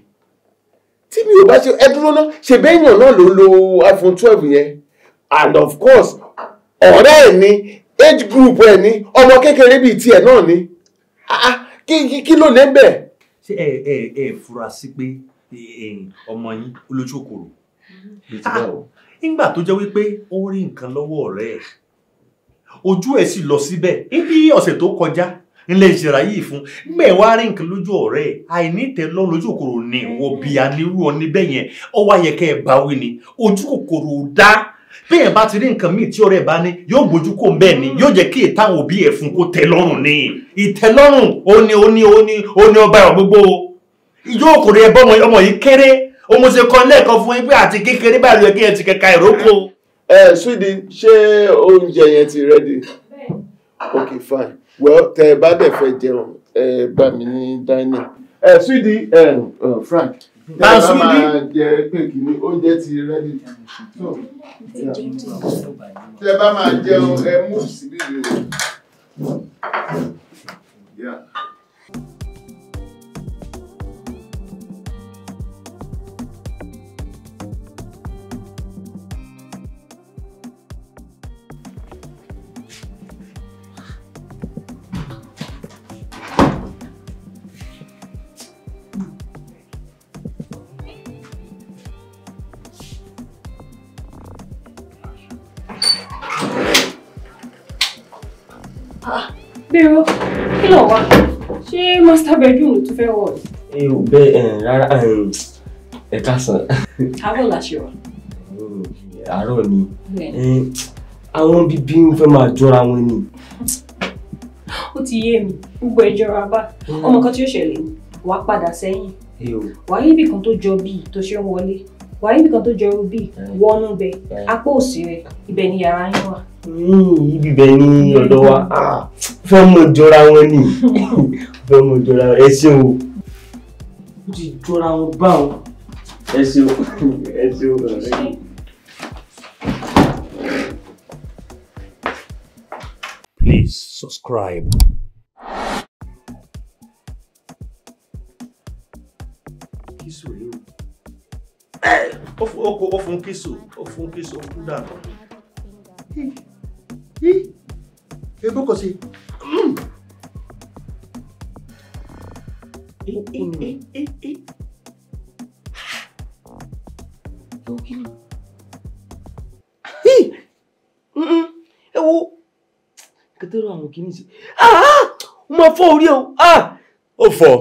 tí mi ò bá ṣe ẹ dúró náà ṣèbéèyàn náà ló lo iphone twelve yẹn and of course ọ̀rẹ́ ẹ̀ ni age group ẹ̀ ni ọmọ kékeré bíi tiẹ̀ náà ni kí ló lè bẹ̀. ṣé ẹ ẹ ẹ fura sí pé ọmọ yín olójú òkòrò nígbà tó jẹ́ wípé ó rí nǹkan lọ́wọ́ ọ̀rẹ́ ẹ̀ ojú ẹ̀ sì lọ síbẹ̀ níbi ọ̀sẹ̀ tó kọjá nílẹ̀ ìṣẹ̀ra yìí fún bẹ́ẹ̀ wá rí nǹkan lójú ọ̀rẹ́ ẹ̀ àìnítẹ̀lọ́rùn lójú kòkòrò ni wọ́n bí anirú ọ níbẹ̀ yẹn ọwọ́ ayẹkẹ́ ẹ̀ báwí ni ojú kòkòrò dá bẹ́ẹ̀ bá ti rí nǹkan míì tí ọ̀rẹ́ bá ní yóò bójú kó bẹ́ẹ̀ ni hmm. yóò jẹ́ kí ìtàwọn òbí ẹ̀ fún kó tẹ́ lọ́rùn ni ìtẹ́lọ́rùn òní òní òní òní ọba ẹ̀ gbogbo yóò kò rí ẹ bọ́mọ ọmọ yìí kéré ọmọ ṣe kọ lẹ́ẹ̀kan fún yín pé àti kékeré báyìí ló yẹ kí ẹ ti kẹka ìrókò. ẹ ṣídi ṣé oúnjẹ yẹn ti rẹ́dì ok fine well tẹ ẹ bá dẹ̀ fẹ́ jẹun ẹ bá mi ní dining ẹ ṣídi Frank Tansu ni. Jẹ pé kìíní oúnjẹ ti rẹ́dí. Tẹ bá máa jẹun ẹ mú síbí rẹ̀. Yeah. Ah, Bẹ́ẹ̀rọ, kí lọ wá? Ṣé master bedroom tó fẹ́ wọ̀ yìí? Ẹ ò bẹ́ẹ̀ rárá ẹ káàsán. Àárọ̀ làṣẹ wa. Àárọ̀ ni. Àwọn bíbí ń fẹ́ máa jọra wọn ni. Ó ti yé mi, gbogbo ìjọra bá. Mm. Ọmọ kan tí ó ṣẹlẹ̀ ni, wàá padà sẹ́yìn. Wàá yíbì kan tó jọ bíi tó ṣe ń wọlé wàá nìkan tó jẹ rubí wọnú bẹ apá òsì rẹ ibẹ̀ ni yàrá yín wà. Hmm, ibi ibẹ̀ ni ọ̀dọ̀ wa mm-hmm. ah, fẹ́ mọ̀ jọra wọn ni fẹ́ mọ̀ jọra ẹ ṣeun o. ó ti jọra wọn báwọn. ẹ ṣeun ẹ ṣeun ọ̀rẹ́ Please subscribe. ó fún kíso ó fún kíso ó kú dànù. egbò kò sí. ẹ wo kẹtẹrọ àwọn kìíní sí ó ah, ah! máa fọ́ orí ẹ o. Ah! ó fọ́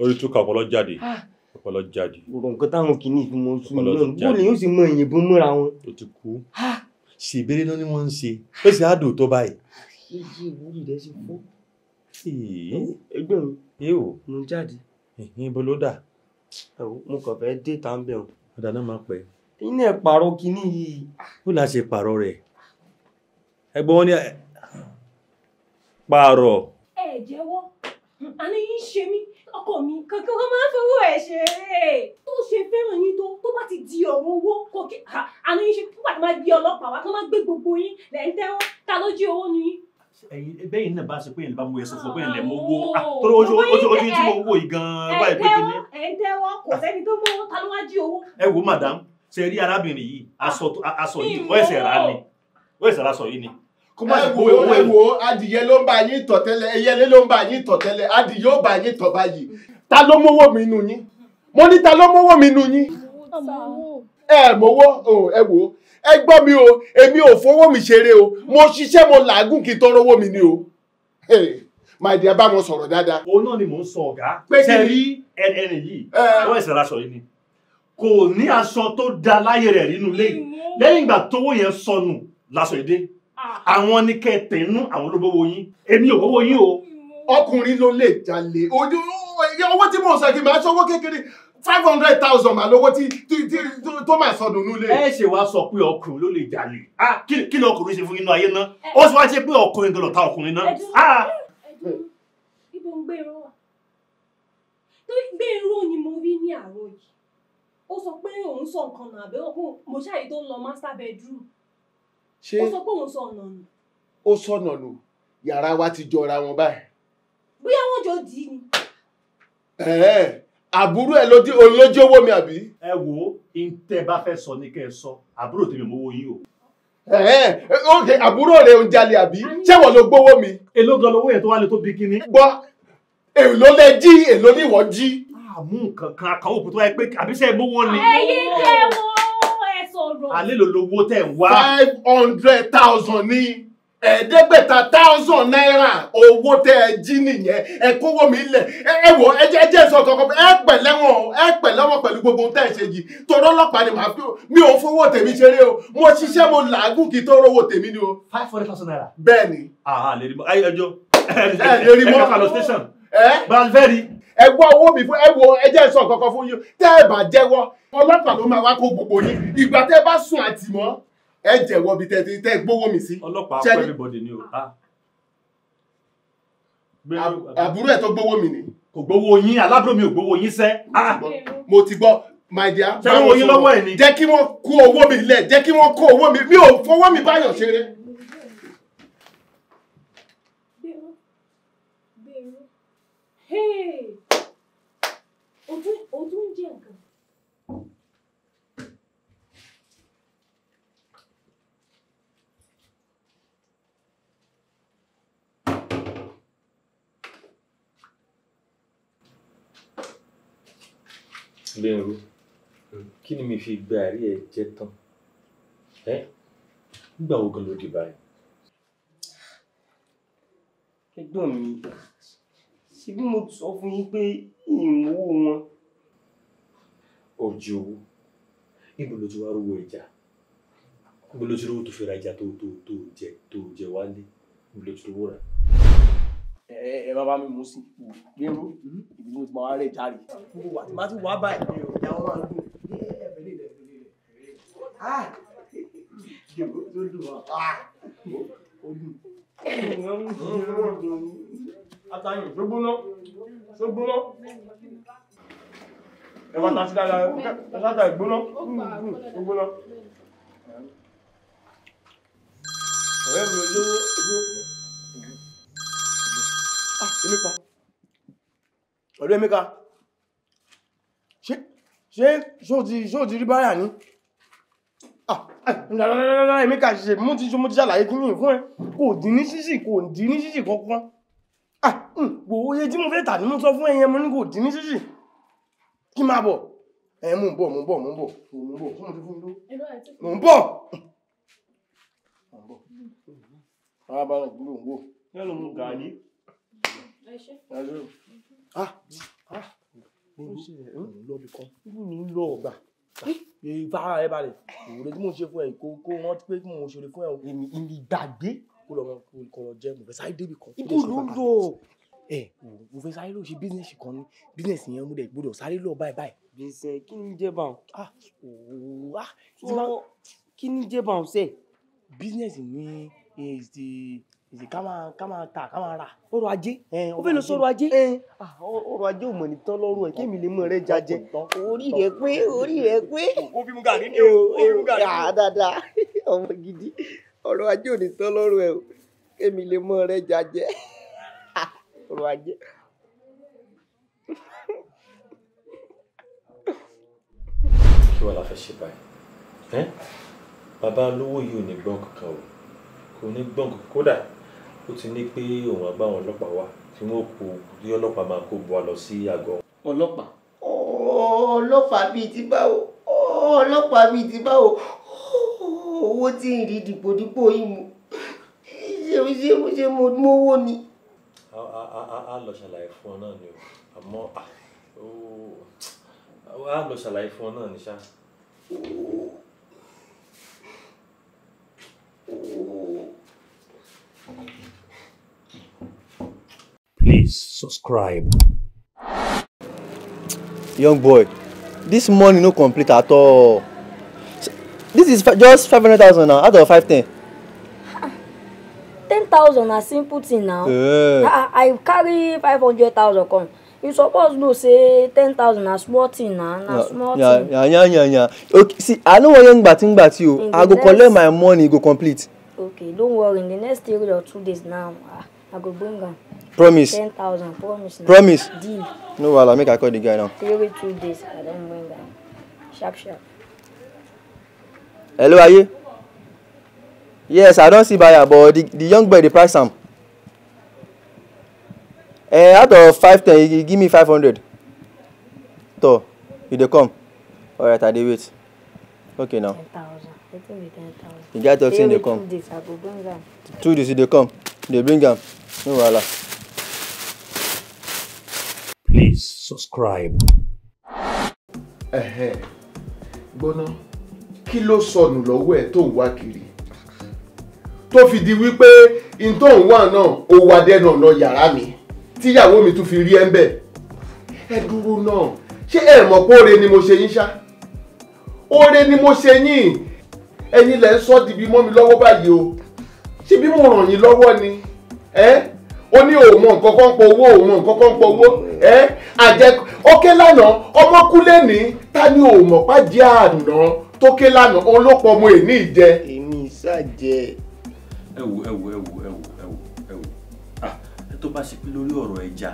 orí túkà ọpọlọ jáde. Ah ọpọlọ jáde. gbogbo nǹkan táwọn kìíní fi mọ sùn náà bóòlù yóò sì mọ ìyìnbọn múra wọn. o ti kú ṣèbéèrè náà ni wọ́n ń ṣe ó sì á dò tó báyìí. iye ìwúrí rẹ ṣe fún. ẹgbẹ́ mi yóò mo jáde. ibo ló dà. mo kàn fẹ́ dé tá n bẹ̀ o. ọ̀dà náà máa pẹ́. iná ẹ̀ pààrọ̀ kìíní yìí. ó là ṣe pààrọ̀ rẹ̀ ẹgbẹ́ wọn ni pààrọ̀. ẹ jẹ́wọ́ àní yín ṣe mí ọkọ mi kankan wọn máa ń fowó ẹ ṣe é tó ṣe fẹ́ràn yín tó tó bá ti di ọ̀rọ̀ owó kò kí àánú yín ṣe púpà tó máa gbé ọlọ́pàá wá tó máa gbé gbogbo yín lẹ́ ń tẹ́wọ́ ta ló jí owó nu yín. ẹyin bẹ́ẹ̀ náà bá ṣe pé ìlú bá mú ẹsẹ̀ fún pé ìlẹ̀ mọ owó àtọ́rọ ah, ojú ojú ojú tí mo wò yìí gan-an báyìí pé kìíní. ẹ̀ ń tẹ́wọ́ kò ah. sẹ́ni tó mú owó ta ló wá jí owó. ẹ wo madam ṣe rí arábìnrin yìí aṣọ yìí ó ẹsẹ̀ rà á ni ó ẹsẹ̀ rà aṣọ yìí ni kó má gbó owó ẹ wo adìyẹ ló ń bá yín tọ̀ tẹ́lẹ̀ ẹyẹlé ló ń bá yín tọ̀ tẹ́lẹ̀ adìyẹ ó bá yín tọ̀ báyìí ta ló mówó mi nù yín mo ní ta ló mówó mi nù yín ẹ mówó ẹ wò ẹ gbọ́ mi o èmi ò fowó mi ṣeré o mo ṣiṣẹ́ mo làágùn kí n tó rówó mi ni o máa di ẹ bá wọn sọ̀rọ̀ dáadáa. òun náà ni mò ń sọ ọ̀gá ṣe rí ẹni yìí wọ́n ẹ̀sẹ̀ aṣọ yìí ni kò ní aṣọ tó da láyé rẹ̀ nínú lẹ́yìn lẹ́yìn ìgbà tówó yẹn sọnù lásọ yìí àwọn ní kẹtẹ̀ inú àwọn ló bówó yín èmi ò bówó yín o. ọkùnrin ló lè jalè ojú owó tí mò ń sọ kí n máa ṣọwọ́ kékeré five hundred thousand mà lówó tí tó máa sọdùn nílé. ẹ ṣe wá sọ pé ọkùnrin ló lè jalè ah, kí ni ọkùnrin ṣe fún inú ayé náà ó sì wá ṣe pé ọkùnrin gbọ́dọ̀ ta ọkùnrin náà. Ah! ibo ń gbé irun wa torí gbé irun ni mo rí ní àárọ̀ yìí ó sọ pé òun sọ nǹkan nà àbẹ̀wò mo ṣáà yìí tó ń lọ master bedroom ṣé ó sọ pé òun sọ ọ̀nà nù. ó sọnà nù yàrá wa ti jọra wọn báyìí. bóyá wọn jọ dì í ni. àbúrò ẹ lójú owó mi àbí. ẹ wo ntẹ bá fẹ́ sọ ní kẹ́ ẹ sọ àbúrò tèmi mọ owó yín o. oge àbúrò rẹ ń jalè àbí ṣé wọn ló gbowó mi. èló gan lowó yẹn tó wá lè tó bí kíní. gbọ́ èló lẹ jí èló ni ìwọ jí. àmú nǹkan kan àkàwọ̀ òkú tó wáyé pé àbíṣẹ́ ìbówó ni. ẹyin jẹ́ wọn àlélò lówó tẹ̀ ń wá. five hundred thousand ní ẹ̀ẹ́dẹ́gbẹ̀ta thousand naira owó tẹ́ ẹ jí nìyẹn ẹ kówó mi lẹ̀ ẹ wọ ẹ jẹ́ ẹ jẹ́ sọ kankan ẹ pẹ̀ lẹ́wọ̀n ẹ pẹ̀ lẹ́wọ̀n pẹ̀lú gbogbo tẹ́ ẹ ṣe yìí torí ọlọ́pàá ni màá fi mi ò fowó tèmi ṣeré o mo ṣiṣẹ́ mo làágùn kí tó rówó tèmi ni o. five hundred thousand naira. bẹ́ẹ̀ni. àhà lè rí mọ ayé ẹjọ ẹ lè rí mọ ẹ kà lọ station. ẹ balveri ẹ gbọ́ owó mi fún ẹ wo ẹ jẹ́ sọ kankan fún yín tẹ́ ẹ bá jẹ́wọ́ ọlọ́pàá ló máa wá kó gbogbo yín ìgbà tẹ́ bá sùn àtìmọ́ ẹ jẹ́wọ́ bí tẹ́ tẹ́ gbówó mi sí. ọlọ́pàá fún everybody ni o. Ah. àbúrò ẹ̀ tó gbówó mi ni. kò gbówó yín aládùn mi ò gbówó yín sẹ́. Ah. mo ti gbọ́ my dear. ṣé owó yín lọ́wọ́ ẹ̀ ni. jẹ́ kí wọ́n kó owó mi lẹ̀ jẹ́ kí wọ́n kó owó mi mi ò fọwọ́ mi báyọ̀ ṣeré. Hey! o tún ń jẹ nǹkan. Bẹ́ẹ̀rù, kí ni mi fi gba àrí ẹ jẹ tán? Ẹ́ nígbà wo gan ló dé báyìí? Ẹ̀gbọ́n mi ṣe bí mo sọ fún yín pé ìmúwò wọn. ọjọ́ owó ibo ló ti wá rówó ẹja ibo ló ti rówó tó fi ra ẹja tó tó tó jẹ tó jẹ wálé ibo ló ti rówó rà. ẹ ẹ má bá mi mú sí gbèrú ibi mo ti máa wá rẹ járe gbogbo wa ti máa ti wá báyìí mi ò ní àwọn máa ń dùn. Ah! Yo, yo, yo, ah! Yo, yo, yo, yo, yo àtàyìn tó gbóná tó gbóná ẹwà tàṣí dáadáa ẹ̀ṣátà ìgbóná tó gbóná. ọ̀rẹ́ mi ò lówó ìgbó ah, Emeka ọ̀rẹ́ Emeka ṣé ṣó ti rí báyà ní rárá ah, eh, Emeka ṣe mú ti ṣàlàyé kí ní fún ẹ kò dín ní sísì kò dín ní sísì kankan gbòòye ah, hmm, tí mo fẹ́ tà ní mo sọ fún ẹyẹ mo ní kò dín ní ṣíṣì kí máa bọ̀ ẹ mú bọ̀ mú bọ̀ mú bọ̀ mú bọ̀ fún mi fún mi ló mú bọ̀ mú bọ̀ ara bá rìn ló ń wò. yẹn ló mú gàdí. lọ́bi kan ibi ni ń lọ ọ̀gbà ìfara ẹ balẹ̀ ìwúre tí mo ṣe fún ẹ kó kó rántí pé kí mo ṣe fún ẹ. èmi ìgbàgbé kó lọ mọ kó lọ jẹ mo fẹ́ sáré débi kan. ibo ló ń lò. ẹ mo fẹ́ sáré lọ ṣe bísíǹsì kan ní bísíǹsì yẹn mo dẹ̀ gbọ́dọ̀ sáré lọ báyìí báyìí. bísẹ kí ni jẹ bá wọn. ah ooo ah ti ma kí ni jẹ bá wọn sẹ. bísíǹsì mi is the èsì ká máa ká máa ta ká máa rà. ọrọ̀ ajé ó fẹ́ lọ sọ̀rọ̀ ajé. Ah, ọrọ̀ ajé ò mọ̀ ní tán lọ́rùn ẹ̀ kémi lè mú ẹrẹ́ jajẹ. orí rẹ pé orí rẹ pé. ó fi mú gàrí ni o ó fi mú gàrí ni o. dáadáa ọmọ gidi ọ̀rọ̀ ajé ò ní tán lọ́rùn ẹ o kémi lè mọ rẹ jajẹ ọ̀rọ̀ ajé. kí wàá la fẹ́ ṣe báyìí bàbá olówó yìí ò ní gbọ́n kankan o kò ní gbọ́n kankan kódà ó ti ní pé òun àgbà àwọn ọlọ́pàá wá tí wọ́n kó tí ọlọ́pàá máa kó bu wa lọ sí àgọ́. ọlọ́pàá. ọlọ́pàá bíi ti báwo ọlọ́pàá bíi ti báwo owó tí ń rí dìpòdìpò yìí mu ṣé mo ṣe mo ṣe mo mówó ni. a lọ ṣàlàyé fún ọ náà ni o àmọ́ a lọ ṣàlàyé fún ọ náà ni ṣá. Please subscribe. Young boy, this morning no complete at all this is just five hundred thousand now out of five ten. ten thousand na simple thing now uh. Eh. i ah, i carry five hundred thousand come you suppose know say ten thousand na small thing na na small thing. Yeah, yeah, yeah, yeah. okay see i no wan yan gbati ngbati o i go collect my money go complete. okay don't worry in the next three or two days now ah, i go bring am. promise ten thousand promise na promise deal. no wahala make i call the guy now. three or two days i don bring am sharp sharp hello are you? yes i don't see buyer but the the young boy dey price am eh out of five ten he give me five hundred toh you dey come All right, i dey wait okay now the guy talk say he come two days he dey come They bring am no wahala. please subscribe. Eh Uh -huh. gbóná kí ló sọnù lọ́wọ́ ẹ̀ tó ń wá kiri tó fi di wípé n tó ń wà náà ó wá dẹ́nà lọ yàrá mi tíyàwó mi tún fi rí ẹ́ ń bẹ̀ ẹ dúró náà ṣé ẹ mọ̀ pé oore ni mo ṣe yín ṣá oore ni mo ṣe yín ẹ̀yin lẹ ń sọ dìbí mọ́ mi lọ́wọ́ báyìí o ṣé bí mo ràn yín lọ́wọ́ ni ẹ́ ó ní òun mọ nǹkan kan pọ owó òun mọ nǹkan kan pọ owó ẹ àjẹ ókè lánàá ọmọkúlẹ̀ ní ta ni òun mọ̀ pàdé àná tókè lánàá òun ló pọ̀ ọmọ èní ìjẹ. èmi ìsàjẹ. ẹ wò ẹ wò ẹ wò ẹ wò ẹ wò ẹ wò ah ẹ tó bá ṣe pé lórí ọ̀rọ̀ ẹja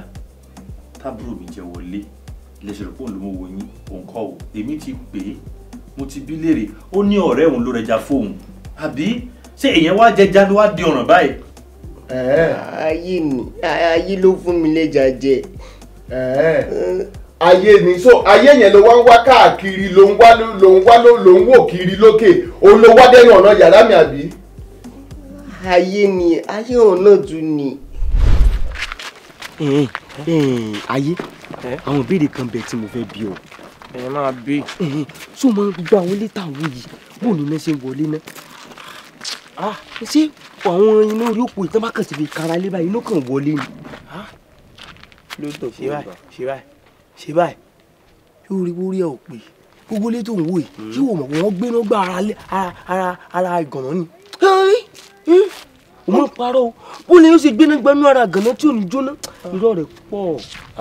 tábúrò mi jẹ wọlé lẹ́sẹ̀ rẹ̀ pọ̀ ló mọ̀ wò yín òun kọ́ o èmi ti pè é mo ti bí léèrè ó ní ọ̀rẹ́ òun ló rẹja fóun àbí ṣé èèyàn wá jẹja ló wá di ọ̀ràn báyìí. ayé mi ayé ló fún mi lẹ́jà jẹ ayé ni so ayé yẹn ló wá ń wá káàkiri ló ń wá ló ń wá ló ń wò kiri lókè òun ló wá dẹ́nu ọ̀nà yàrá mi àbí. ayé ni ayé òun náà tún ni. ayé àwọn ìbéèrè kan bẹ tí mo fẹ́ bí o. ẹ máa bí. so máa ń gba àwọn létà àwọn yìí bó ni iná ṣe ń wọlé náà. Ah, ṣé àwọn iná orí òpó ìtàn bá kàn sí fi kára lé báyìí iná kàn wọlé ni. Ah, lóòótọ́ ṣe báyìí ṣe báyìí ṣe báyìí yóò rí wórí ẹ ò pè gbogbo ilé tó ń wò yìí tí mm. wò mọ̀ wọ́n gbéná gba ara ara ìgànnà ni. o mọ̀ parọ́ o lè ṣe gbéná gbanú ara ìgànnà tí ò ní jóná ah. irọ́ rẹ̀ pọ̀.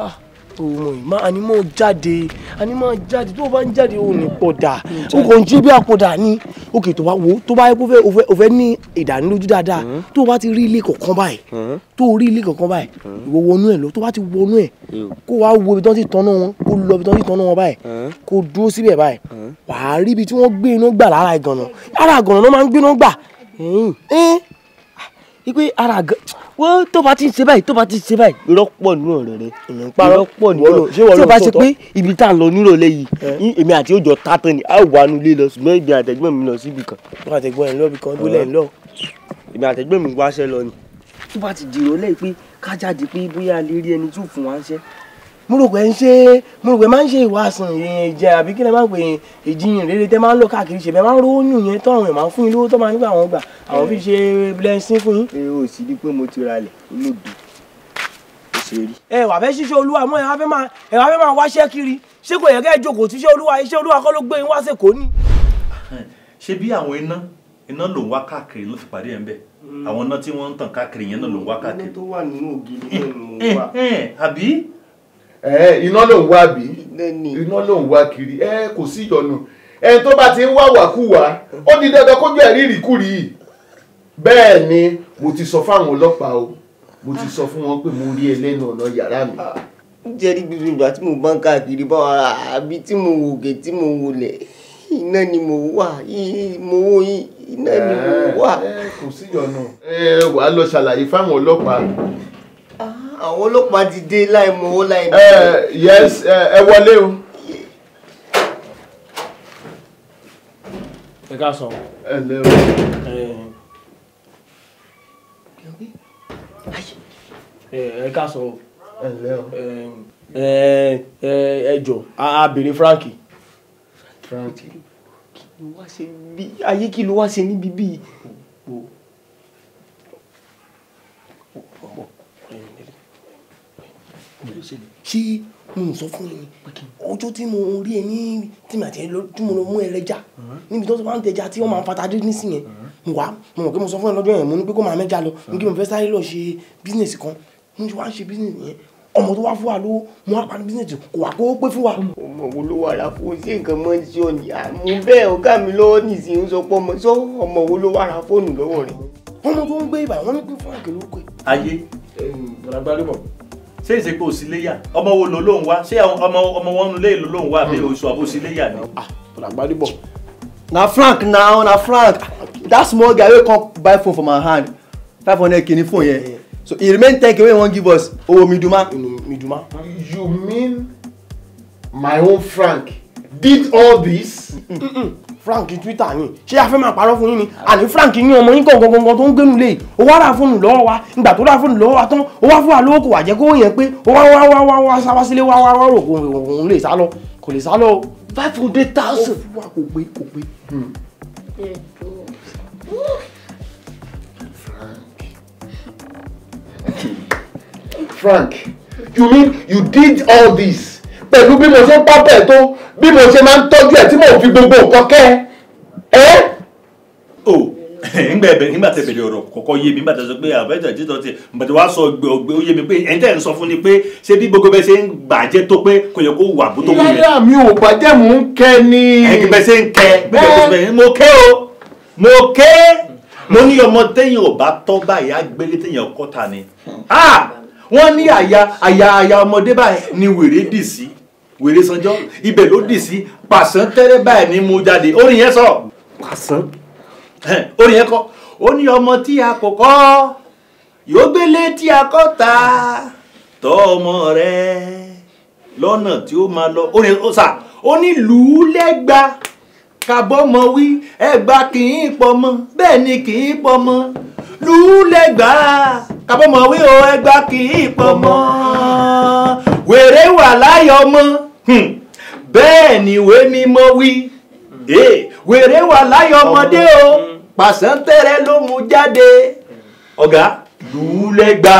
Ah tó mọ̀ yìí máa ni jáde àní máa jáde tó o bá ń jáde o ní pọ̀dà o kò ń jí bí apọ̀dà ni òkè tó bá wo tó bá yẹ kó fẹ́ o fẹ́ ní ìdánilójú dáadáa tó o bá ti rí ilé kọ̀ọ̀kan báyìí tó o rí ilé kọ̀ọ̀kan báyìí ìwọ wọnú ẹ̀ lọ tó o bá ti wọnú ẹ̀ kó o wá wo ibi tó ń ti tanná wọn kó o lọ ibi tó ń ti tanná wọn báyìí kó o dúró síbẹ̀ báyìí wàá rí ibi wọ́n tó bá ti ń ṣe báyìí tó bá ti ń ṣe báyìí irọ́ pọ̀ nínú ọ̀rọ̀ rẹ irọ́ pọ̀ nínú ọ̀rọ̀ tí o bá ṣe pé ibi tá à ń lọ nírò lẹ́yìn èmi àti òjò tátán ni a wà nù lé lọ ṣùgbọ́n ibi àtẹ̀gbọ́n mi lọ síbi kan. wọ́n àtẹ̀gbọ́n ẹ̀ lọ́ọ̀bì kan dúlẹ̀ ńlọ. èmi àtẹ̀gbọ́n mi wáṣẹ́ lọ ni. tó bá ti dìrò lẹ́yìn pé ká jáde pé bóyá a lè rí ẹni tó fún wa mo rò pé ń ṣe mo rò pé máa ń ṣe ìwàsàn ìjẹ àbí kí lè máa pè ìjiyàn rere tẹ máa ń lọ káàkiri ṣe bẹ́ẹ̀ máa ń rówó yùn yẹn tó àwọn máa fún yín lówó tó máa nígbà àwọn gbà àwọn fi ṣe blessing fún yín. ẹ ò sì di pé mo ti ralẹ̀ olóògbé ó ṣe rí. ẹ wà fẹ́ ṣiṣẹ́ olúwa mọ́ ẹ wá fẹ́ máa ẹ wá fẹ́ máa wáṣẹ́ kiri ṣé kò yẹ kẹ́ ẹ jókòó tí iṣẹ́ olúwa iṣẹ́ olúwa kọ́ ló gbé yín wá Eh, iná ló ń wá bí iná ló ń wá kiri eh, kò sí ìyọnu ẹni eh, tó bá ti ń wá wàkúwà ó di dandan kójú ẹ̀rí ìrìkúrì bẹ́ẹ̀ ni mo ti sọ fáwọn ọlọ́pàá o mo ti sọ fún wọn pé mo rí ẹlẹ́nu ọ̀nà yàrá mi. Ah, jẹ́rí gbogbo ìgbà tí mo bá ń káàkiri bá wa àbí tí mo wò gè tí mo wò lẹ̀ iná ni mo wà mo wò iná ni mo wà. kò sí ìyọnu wàá lọ ṣàlàyé fáwọn ọlọ́pàá àwọn ọlọ́pàá ti dé láì mọ owó láì mọ. Eh, yes eh, ẹ wọlé o. ẹ ká sọ. ẹ lẹ eh, o. ẹ ká sọ o. ẹ lẹ o. ẹ ẹ jọ a béèrè Frankie. Frankie. ayé kí ló wá ṣe níbi bíi. ṣé mo sọ fún yín ọjọ́ tí mo rí ẹ ní tìmọ̀ àti tí mo lọ mú ẹrẹ jà níbi tó máa ń tẹja tí wọ́n máa ń fata dé nísìnyẹn mo wá mo mọ̀ pé mo sọ fún ẹ lọ́jọ́ yẹn mo ní pé kó máa mẹ́ja lọ mo kí mo fẹ́ sáré lọ ṣe bísíǹsì kan mo ti wá ń ṣe bísíǹsì yẹn ọmọ tó wá fún wa ló mo wá parí bísíǹsì kò wá kó pé fún wa. ọmọ wo ló wà láfún ṣé nǹkan mọ ṣé ọ ní àmú bẹ́ẹ̀ ọ̀gá mi lọ́wọ́ nìsín sọ pé ọmọ sọ ọmọ ṣé ìṣèpò òsínléyà ọmọ wo ló lóun wá ṣé ọmọ ọmọ wọn nulẹ̀ ló lóun wá àbí hmm. oṣù àbòsínléyà ni. Ah, àgbàdìbọ̀. na frank na na frank that small guy wey come buy phone for my hand five hundred kini phone yẹn hmm. so e remain ten k wey he wan give us owo miduma. miduma. you mean my own frank did all this. Mm -mm. Mm -mm frank twitter ni ṣé a fẹ́ máa parọ́ fún yín ni àní frank yín ọmọ yín kọ̀ọ̀kan tó ń gbénu lé o wá ra fóònù lọ́wọ́ wa ìgbà tó ra fóònù lọ́wọ́ wa tán o wá fún wa lówó kò wà jẹ́ kó yẹn pé o wá wá wá wá wá sá wá sílé wá wá wá rò òun lè sá lọ kò lè sá lọ. five hundred thousand. ó wà kò gbé kò gbé. Hmm. frank frank you mean you did all this. pẹ̀lú bí mo ṣe ń pápẹ̀ tó bí mo ṣe máa tọ́jú ẹ̀ tí mo fi gbogbo nǹkan kẹ́ o nígbà tẹ bẹ̀rẹ̀ ọ̀rọ̀ kọkọ yé mi nígbà tẹ sọ pé àbẹ́tẹ̀ ah, títọ́ ti bàtẹ́ mi pé sọ gbogbo ṣe ń tó pé kò yẹ kó wà bó tó yàrá mi ò bàjẹ́ mò ń kẹ́ o mo kẹ́ mo ní ọmọ ò bá tọ́ ni ah! wọ́n ní àyà àyà àyà wèrè sanjọ́ ibẹ̀ ló dì sí pàṣán tẹ́rẹ́ báyìí ní mú jáde orin yẹn sọ pàṣán orin yẹn kọ́ ó ní ọmọ tí a kò kọ́ yóò gbélé tí a kọ́ ta tọ́ ọmọ rẹ lọ́nà tí ó máa lọ orin ó sà ó ní lùúlẹ́gba kàbọ́mọ wí ẹgbà kì í pọmọ bẹ́ẹ̀ ni kì í pọmọ lùúlẹ́gba kàbọ́mọ wí o kì í pọmọ wèrè wà láyọ̀ mọ́. Hmm. bẹ́ẹ̀ ni ìwé mímọ́ wí hmm. eh, wèrè wà láyọ̀ ọmọdé o hmm. pàṣẹ́ntẹ́rẹ́ ló mú jáde ọ̀gá lùúlẹ́gba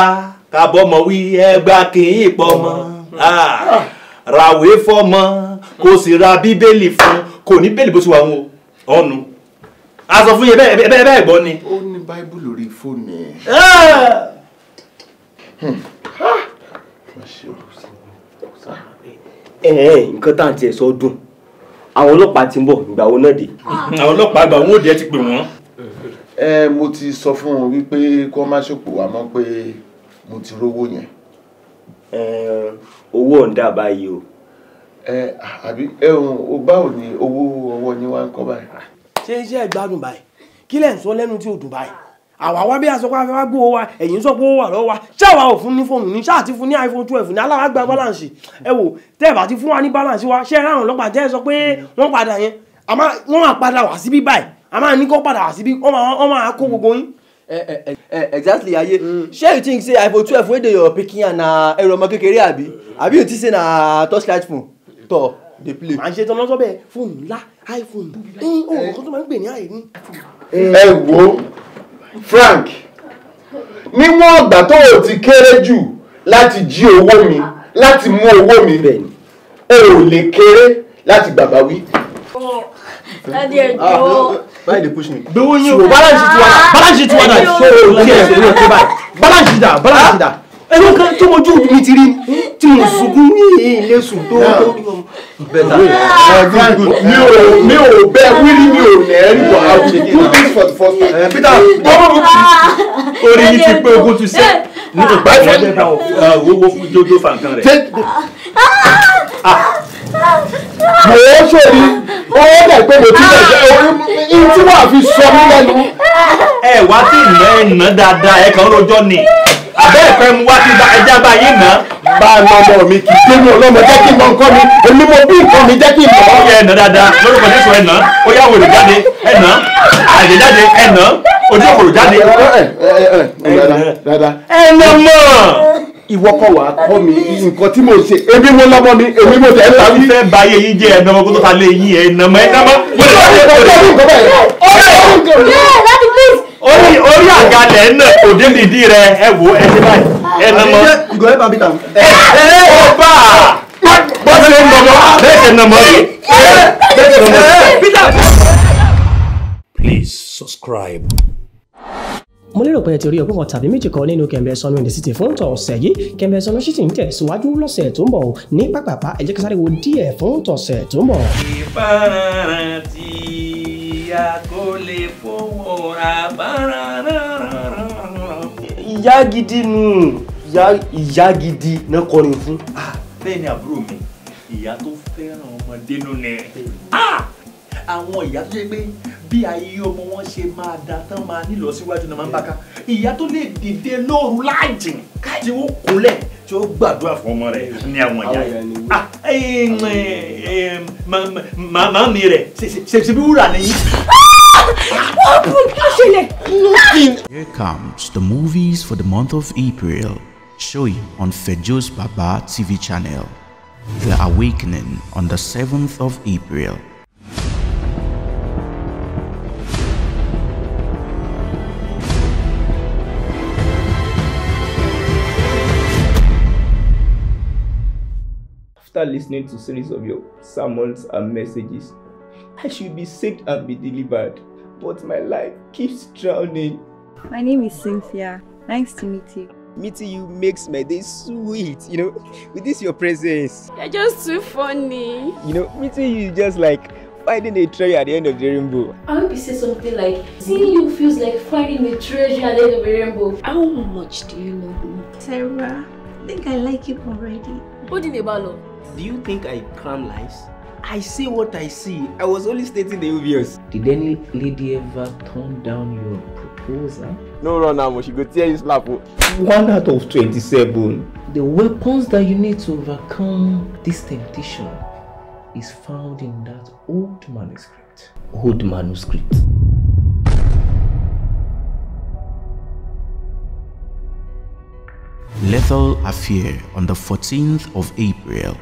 kábọ́mọ wí ẹgba kì í pọmọ ah, ràwé fọmọ kò sì ra bíbélì fún kò ní bẹ́ẹ̀lì bó ti wà wọn ọ̀nù a fún yín bẹ́ẹ̀ bẹ́ẹ̀ bẹ́ẹ̀ gbọ́ ni. ó ní báíbù lórí fóònù ẹ̀. Eh ẹ ẹ nǹkan tá à ń tiẹ̀ sọ dùn àwọn ọlọ́pàá ti ń bọ̀ ìgbà wo náà dé. àwọn ọlọ́pàá àgbà wọn ò dé ti pè wọ́n. ẹ mo ti sọ fún wọn wípé kó má ṣòpò wá mọ́ pé mo ti rówó yẹn. owó ọ̀ǹda báyìí o. ẹ àbí ẹ o báwo ni owó ọwọ́ ni wá ń kọ́ báyìí. ṣé iṣẹ́ ìgbádùn báyìí kí lẹ̀ sọ lẹ́nu tí ò dùn báyìí àwa wá bí àsọpọ̀ afẹ́ gbówó wa ẹ̀yìn sọ pé wà lọ́wọ́ wa ò fún ní fóònù ní ṣáà ti fún ní iphone twelve ní alára balance ẹ wò tẹ́ ẹ̀ bá ti fún wa ní balance wa ṣé ẹ ráhùn ọlọ́pàá jẹ́ ẹ sọ pé wọ́n padà yẹn wọ́n máa padà wá síbí báyìí a máa ní padà wá síbí wọ́n máa kó gbogbo yín. exactly aye shey you think say iphone twelve wey dey your pikin and na ẹ̀rọ ọmọ kékeré àbí àbí you think say na torchlight phone tọ dey play. màá ṣe tán lọ́sọ̀ bẹ́ẹ̀ fóònù ńlá iphone ó nǹkan tó máa ń pè ní wo Frank níwọ̀n ọ̀gbà tó o ti kéré jù láti jí owó mi láti mú owó mi rẹ̀ ni o ò lè kéré láti bàbá wí. Daddy ẹ jọ̀ọ́. Ah, báyìí dey push me. Gbowó yín o. Balance it? wà náà. Balance ti wà náà. Balance it, dà. Balance it, dà ẹnu kan tó mojú mi ti rí tí mo sunkún ní ilé sùn tó tó rí ọmọ. mi ò mi ò bẹ wíri mi ò lẹ́rìí wà á ah, wù do this for the first time. Eh, Peter gbọ́dọ̀ mi ti ah. orí yìí ti pé ogún ti sẹ́ ní ìgbàjọ́ ah, owó fún jójó fàǹkan rẹ̀. mo ò sóri ó mọ̀ pé mo ti bẹ̀rẹ̀ ohun tí wàá fi sọ mí lẹ́nu. ẹ wá sí ìná ẹ̀ ná dáadáa ẹ̀ kàn lọ́jọ́ ni abẹ́rẹ́ fẹ́ mu wá sí ẹja bá yín ná. bá a nà ọmọ mi kì í gbé mi ọlọ́mọ jẹ́ kí n mọ nǹkan mi èmi mo bí nǹkan mi jẹ́ kí n mọ̀. ó yẹ ẹ̀nà dáadáa lórúkọ jésù ẹ̀nà ó yá wòlò jáde ẹ̀nà àyè jáde ẹ̀nà ojú òwòlò jáde. ẹ̀nà mọ̀ ìwọ kọ wà kọ mi nǹkan tí mo ṣe ebi mo lọmọ mi èmi mo tẹ ẹ ta mi. báyé yín jẹ́ ẹ̀nà kó tó ta lé yín ẹ̀nà mọ́ ẹ̀nà mọ́. wọ́n ti sọ fún mi nǹkan bẹ́ẹ̀. ọ̀rẹ́ mi kò ní orí orí àgàlẹ̀ ẹ̀ náà kò débi ìdí rẹ ẹ wo ẹ ṣe báyìí ẹ nà mọ. ẹ ẹ ẹ bá a bó ṣe ń bẹ́ẹ̀ ṣe nọmọ rẹ bẹ́ẹ̀ ṣe nọmọ rẹ. Please subscribe mo lérò pé ẹ ti rí ọgbọ́n kan tàbí méjì kan nínú Kẹ̀mbẹ́ Ìsọnù in fún tọ̀sẹ̀ yìí Kẹ̀mbẹ́ Ìsọnù sì ti ń tẹ̀síwájú lọ́sẹ̀ tó ń bọ̀ ní pàpàpà ẹ jẹ́ wo díẹ̀ fún tọ̀sẹ̀ tó ń bọ̀. ìfarahàn ìyá kò lè fowó ra bára rárá. ìyá gidi nù ìyá gidi náà kọrin fún. bẹ́ẹ̀ ni àbúrò mi ìyá tó fẹ́ràn ọmọdé nù ni àwọn ìyá tó ṣe pé bí ayé ọmọ wọn ṣe máa da tán máa nílọsíwájú náà máa ń bá ká ìyá tó lè dìde lóru láàjìn káàdì ó kúnlẹ̀ tí ó gbàdúrà fún ọmọ rẹ̀ ní àwọn ìyá yìí màmá mi rẹ̀ ṣèṣe ah, eh, eh, bí wúrà nìyí. Ah! Here comes the movies for the month of April, showing on Fejos Baba TV channel. The Awakening on the 7th of April after listening to series of your sermons and messages. I should be saved and be delivered, but my life keeps drowning. My name is Cynthia. Nice to meet you. Meeting you makes my day sweet, you know, with this your presence. You're just too funny. You know, meeting you is just like finding a treasure at the end of the rainbow. I hope you say something like, seeing you feels like finding a treasure at the end of the rainbow. How much do you love me? Sarah, I think I like you already. What in the love? Do you think I cram lies? I see what I see. I was only stating the obvious. Did any lady ever turn down your proposal? No run now, she could tear you slap. Oh. One out of 27. The weapons that you need to overcome this temptation is found in that old manuscript. Old manuscript. Lethal affair on the 14th of April.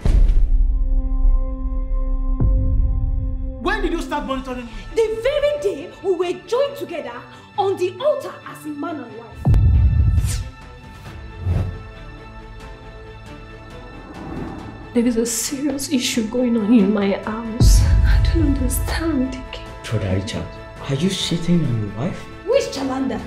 When did you start monitoring me? The very day we were joined together on the altar as a man and wife. There is a serious issue going on in my house. I don't understand. Brother Richard, are you cheating on your wife? Which Chalanda?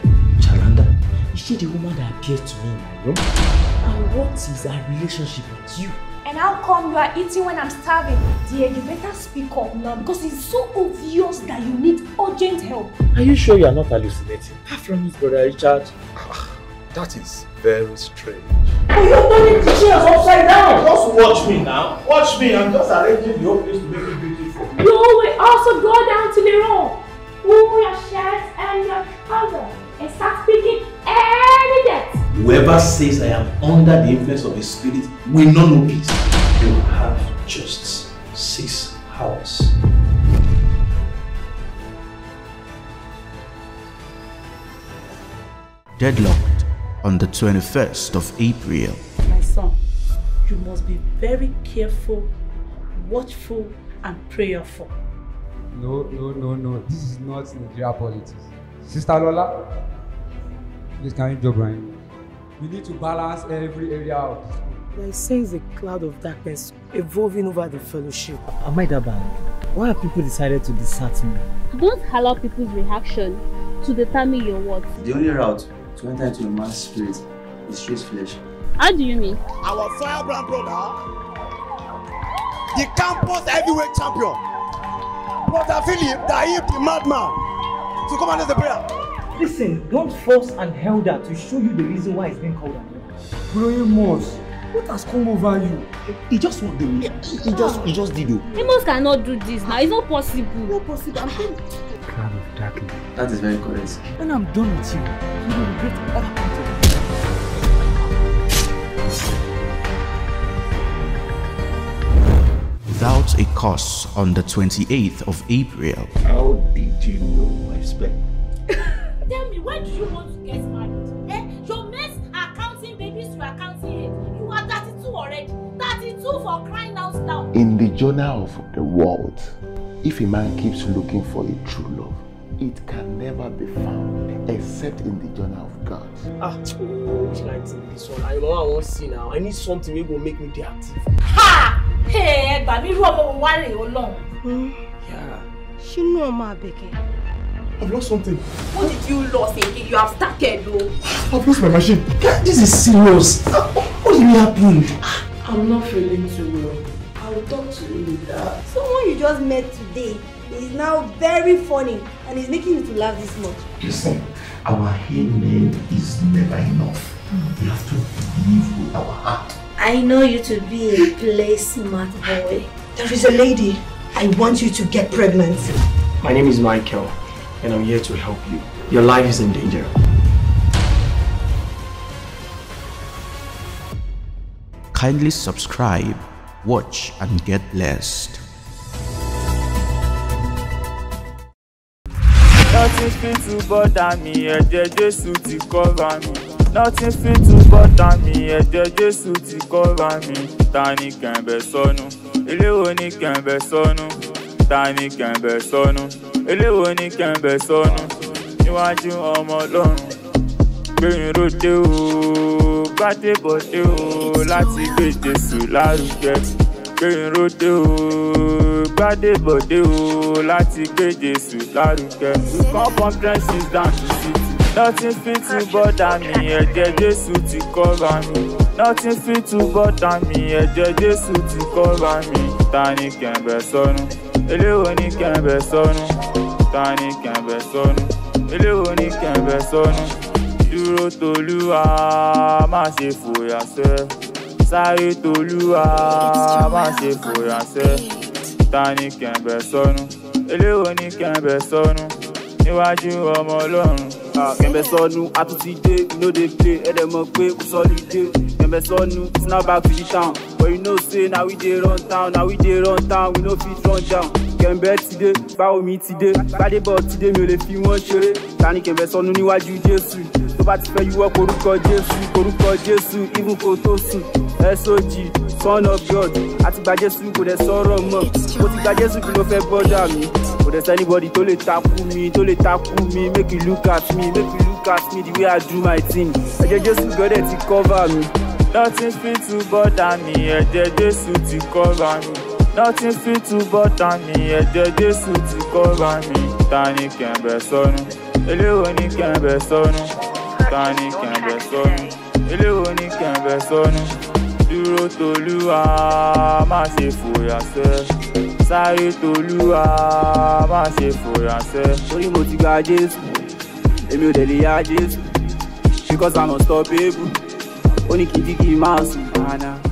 Is she the woman that appeared to me in my room? And what is our relationship with you? And how come you are eating when I'm starving? Dear, you better speak up now because it's so obvious that you need urgent help. Are you sure you are not hallucinating? Apart from his brother Richard. that is very strange. Are you turning the chairs upside down. Just watch me now. Watch me. I'm just arranging the whole place to make it beautiful. You will also go down to the room. pull your shirt and your trouser and start speaking any debt. Whoever says I am under the influence of a spirit will not know peace. You have just six hours. Deadlocked on the 21st of April. My son, you must be very careful, watchful, and prayerful. No, no, no, no. This is not Nigeria politics. Sister Lola, This kind of job, Ryan? We need to balance every area out. I sense a cloud of darkness evolving over the fellowship. Am I that bad? Why have people decided to desert me? Don't allow people's reaction to determine your worth. The only route to enter into a man's spirit is through his flesh. How do you mean? Our firebrand brother, the campus heavyweight champion, Brother Philip, the madman, to come and the prayer. Listen, don't force an elder to show you the reason why he's being called an elder. Proyemos, what has come over you? He just won't do He, just, he just did it. Amos cannot do this now. It's not possible. No possible. I'm going. Cloud of darkness. That is very correct. When I'm done with you, you will regret all happened without a cause on the 28th of April. How did you know my spec? married do you want to get married eh your mates are counting babies you are it you are thirty already thirty for crying out loud. in the journal of the world if a man keeps looking for a true love it can never be found except in the journal of God. Ah, which line is this one? I know I wan see now. I need something wey go make me dey active. Ha! Hey, baby, ẹgbàá mi rú ọmọ wa hmm? Yeah. She Ṣínú ọmọ Àbẹ̀kẹ́. I've lost something. What did you lose, You have started, though. I've lost my machine. This is serious. Uh, what happening? Ah, I'm not feeling too well. I'll talk to you later. Someone you just met today is now very funny and is making you to laugh this much. Listen, our healing is never enough. We have to believe with our heart. I know you to be a play smart boy. There is a lady. I want you to get pregnant. My name is Michael and I'm here to help you. Your life is in danger. Kindly subscribe, watch, and get blessed. Nothing fit to bother me, cover me. Nothing fit to bother me, cover me. sọnù? sọnù? ta ni kẹ̀mbẹ̀ sọnù eléwo ni kẹ̀mbẹ̀ sọnù níwájú ọmọ ọlọ́run gbẹ̀yìn ròde o gbàdébọ̀dé o láti gbé jésù lárugẹ gbẹ̀yìn ròde o gbàdébọ̀dé o láti gbé jésù lárugẹ we come from places down to city nothing fit to bother me ẹ̀jẹ̀ jésù ti cover me nothing fit to bother me ẹ̀jẹ̀ jésù ti cover me ta ni kẹ̀mbẹ̀ sọnù eléwo ní kẹ̀mbẹ̀ sọnù ta ní kẹ̀mbẹ̀ sọnù eléwo ní kẹ̀mbẹ̀ sọnù dúró tolúwa má ṣe fòyà sẹ́ sáré tolúwa má ṣe fòyà sẹ́ ta ní kẹ̀mbẹ̀ sọnù eléwo ní kẹ̀mbẹ̀ sọnù níwájú ọmọ ọlọ́run. kẹ̀mbẹ̀ sọnù a tún ti dé no dey play ẹ̀dẹ̀ mọ̀ pé kò sọ́ọ́ lè dé kẹ̀mbẹ̀ sọnù it's now back to the town but you know say na we dey run town na we dey run town we no fit run down kẹ̀mbẹ́ ti dé báwo mi ti dé gbadébọ̀ ti dé mi ò lè fi wọ́n ṣeré ta ni kẹ̀mbẹ́ sọnù níwájú jésù tó bá ti fẹ́ yíwọ́ korúkọ jésù korúkọ jésù even kò tó sùn sog son of god àti gba jésù kò dẹ̀ sọ̀rọ̀ mọ́ mo ti gba jésù kí ló fẹ́ bọ́dà mi kò dẹ̀ sẹ́nibọ́dì tó lè takú mi tó lè takú mi make you look at me make you look at me the way i do my thing ẹ̀jẹ̀ jésù gbọ́dẹ̀ ti cover mi nothing fit to bother me ẹ̀jẹ̀ jésù ti kọ́ra mi nothing fit to bother me ẹ̀jẹ̀ jésù ti kọ́ra mi ta ni kẹ̀mbẹ̀ sọnù eléwo ni kẹ̀mbẹ̀ sọnù ta ni kẹ̀mbẹ̀ sọnù eléwo ni kẹ̀mbẹ̀ sọnù dúró tolúwa má ṣe fòyà sẹ́ sáré tolúwa má ṣe fòyà sẹ́. torí mo ti gba jésù èmi ò dẹ̀ lè yá jésù because i'm unstoppable. wani kididi masu bana